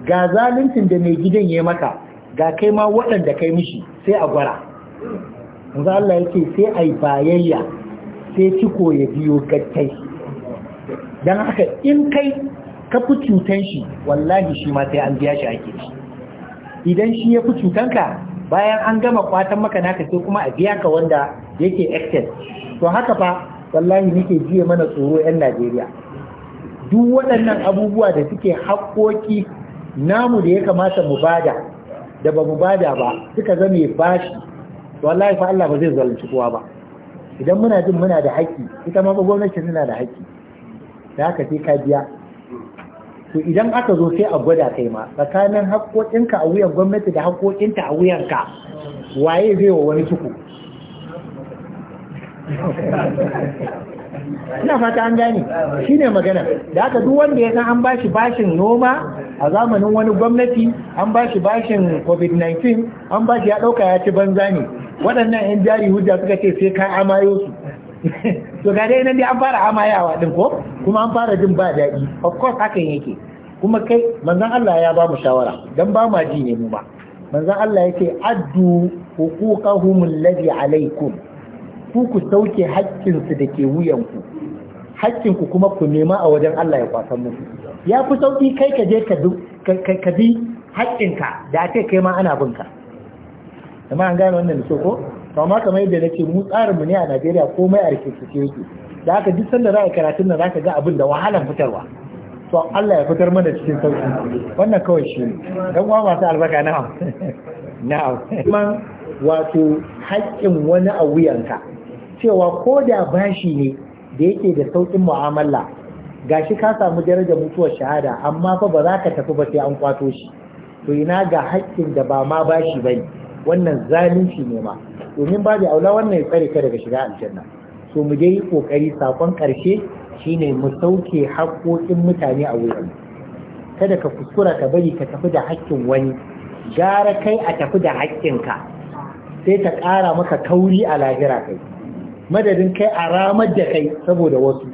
ga zaluncin da mai gidan ya maka ga kai ma waɗanda kai mishi sai a gwara wanda Allah yake sai a yi bayayya sai ciko ya biyo gattai Dan haka in kai ka fi cutan shi wallahi shi ma sai an biya shi ake shi idan shi ya fi cutanka bayan an gama kwatan maka naka sai kuma a biya ka wanda yake excess to haka fa wallahi nake jiye mana tsoro 'yan Najeriya duk waɗannan abubuwa da suke haƙoƙi namu da ya kamata mu bada da ba mu bada ba suka zame bashi wallahi fa Allah ba zai zalunci kowa ba idan muna jin muna da haƙƙi ita ma gwamnati tana da haƙƙi da haka sai ka biya to idan aka zo sai a gwada kai ma tsakanin haƙoƙinka a wuyan gwamnati da haƙoƙinta a wuyanka waye zai wa wani tuku ina fata an gane ne magana da aka duk wanda ya san an bashi bashin noma a zamanin wani gwamnati an bashi bashin covid-19 an bashi ya ɗauka ya ci banza ne waɗannan 'yan jari hujja suka ce sai ka amayo su to ga dai nan dai an fara amayawa din ko kuma an fara jin ba daɗi of course hakan yake kuma kai manzon Allah ya ba mu shawara dan ba ma ji ne mu ba manzon Allah yake addu huquqahum alladhi alaikum ku ku sauke haƙƙin su dake wuyan ku haƙƙin ku kuma ku nema a wajen Allah ya kwasan muku ya fi sauki kai ka je ka bi haƙƙinka da ake kai ma ana ka amma an gane wannan ko to kamar yadda nake mu tsarinmu ne a Najeriya komai a rikice yake da aka duk sanda za a karatun nan ka ga abin da wahalan fitarwa to Allah ya fitar mana cikin sauki wannan kawai shi dan uwa masu albarka na'am na'am man wato haƙƙin wani a wuyanka cewa ko da bashi ne da yake da sauƙin mu'amala gashi ka samu darajar mutuwar shahada amma fa ba za ka tafi ba sai an kwato shi to ina ga haƙƙin da ba ma bashi bane wannan zalunci ne ma domin ba da aula wannan ya tsare ka daga shiga aljanna so mu dai yi kokari sakon karshe shine mu sauke haƙoƙin mutane a wurin kada ka kuskura ka bari ka tafi da haƙƙin wani gara kai a tafi da haƙƙinka sai ta ƙara maka kauri a lahira kai madadin kai a ramar da kai saboda wasu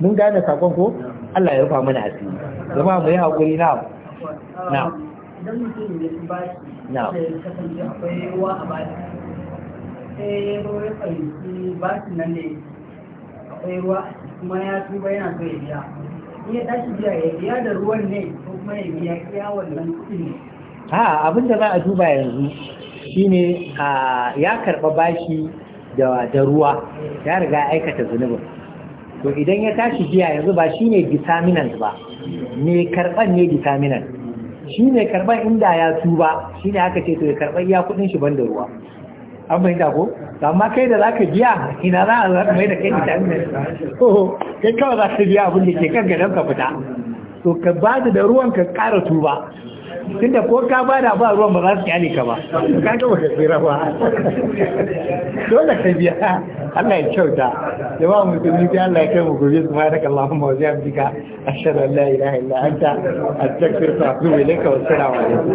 mun gane sakon ko Allah ya rufa mana asiri zama mu yi haƙuri na na idan mutum ya ci bashi da ya kasance akwai ruwa a bashi sai ya zo ya fahimci bashin nan ne akwai ruwa kuma ya tuba yana so ya biya in ya tashi biya ya biya da ruwan ne ko kuma ya biya iya wannan kuɗin ne a abin da za a duba yanzu shine ya karɓa bashi da ruwa ya riga ya aikata zunubin to idan ya tashi biya yanzu ba shine determinant ba me karɓan ne determinant shi ne karɓar inda ya tuba shi ne aka ce to ya karɓar iya kuɗin shi ban da ruwa an bai to amma kai da zaka biya ina za a zaka mai da kai da ne kai kawai za ka biya abin da ke kan gadon ka fita to ka ba da ruwan ka kara tuba tunda ko ka bada ba ruwan ba za su kyale ka ba ka ga baka tsira ba dole ka biya Allah ya kyauta jama'a musulmi ta Allah ya kai mu gobe subhanaka allahumma wa ka ashhadu an la ilaha illa anta astaghfiruka wa atubu ilayka wa assalamu alaikum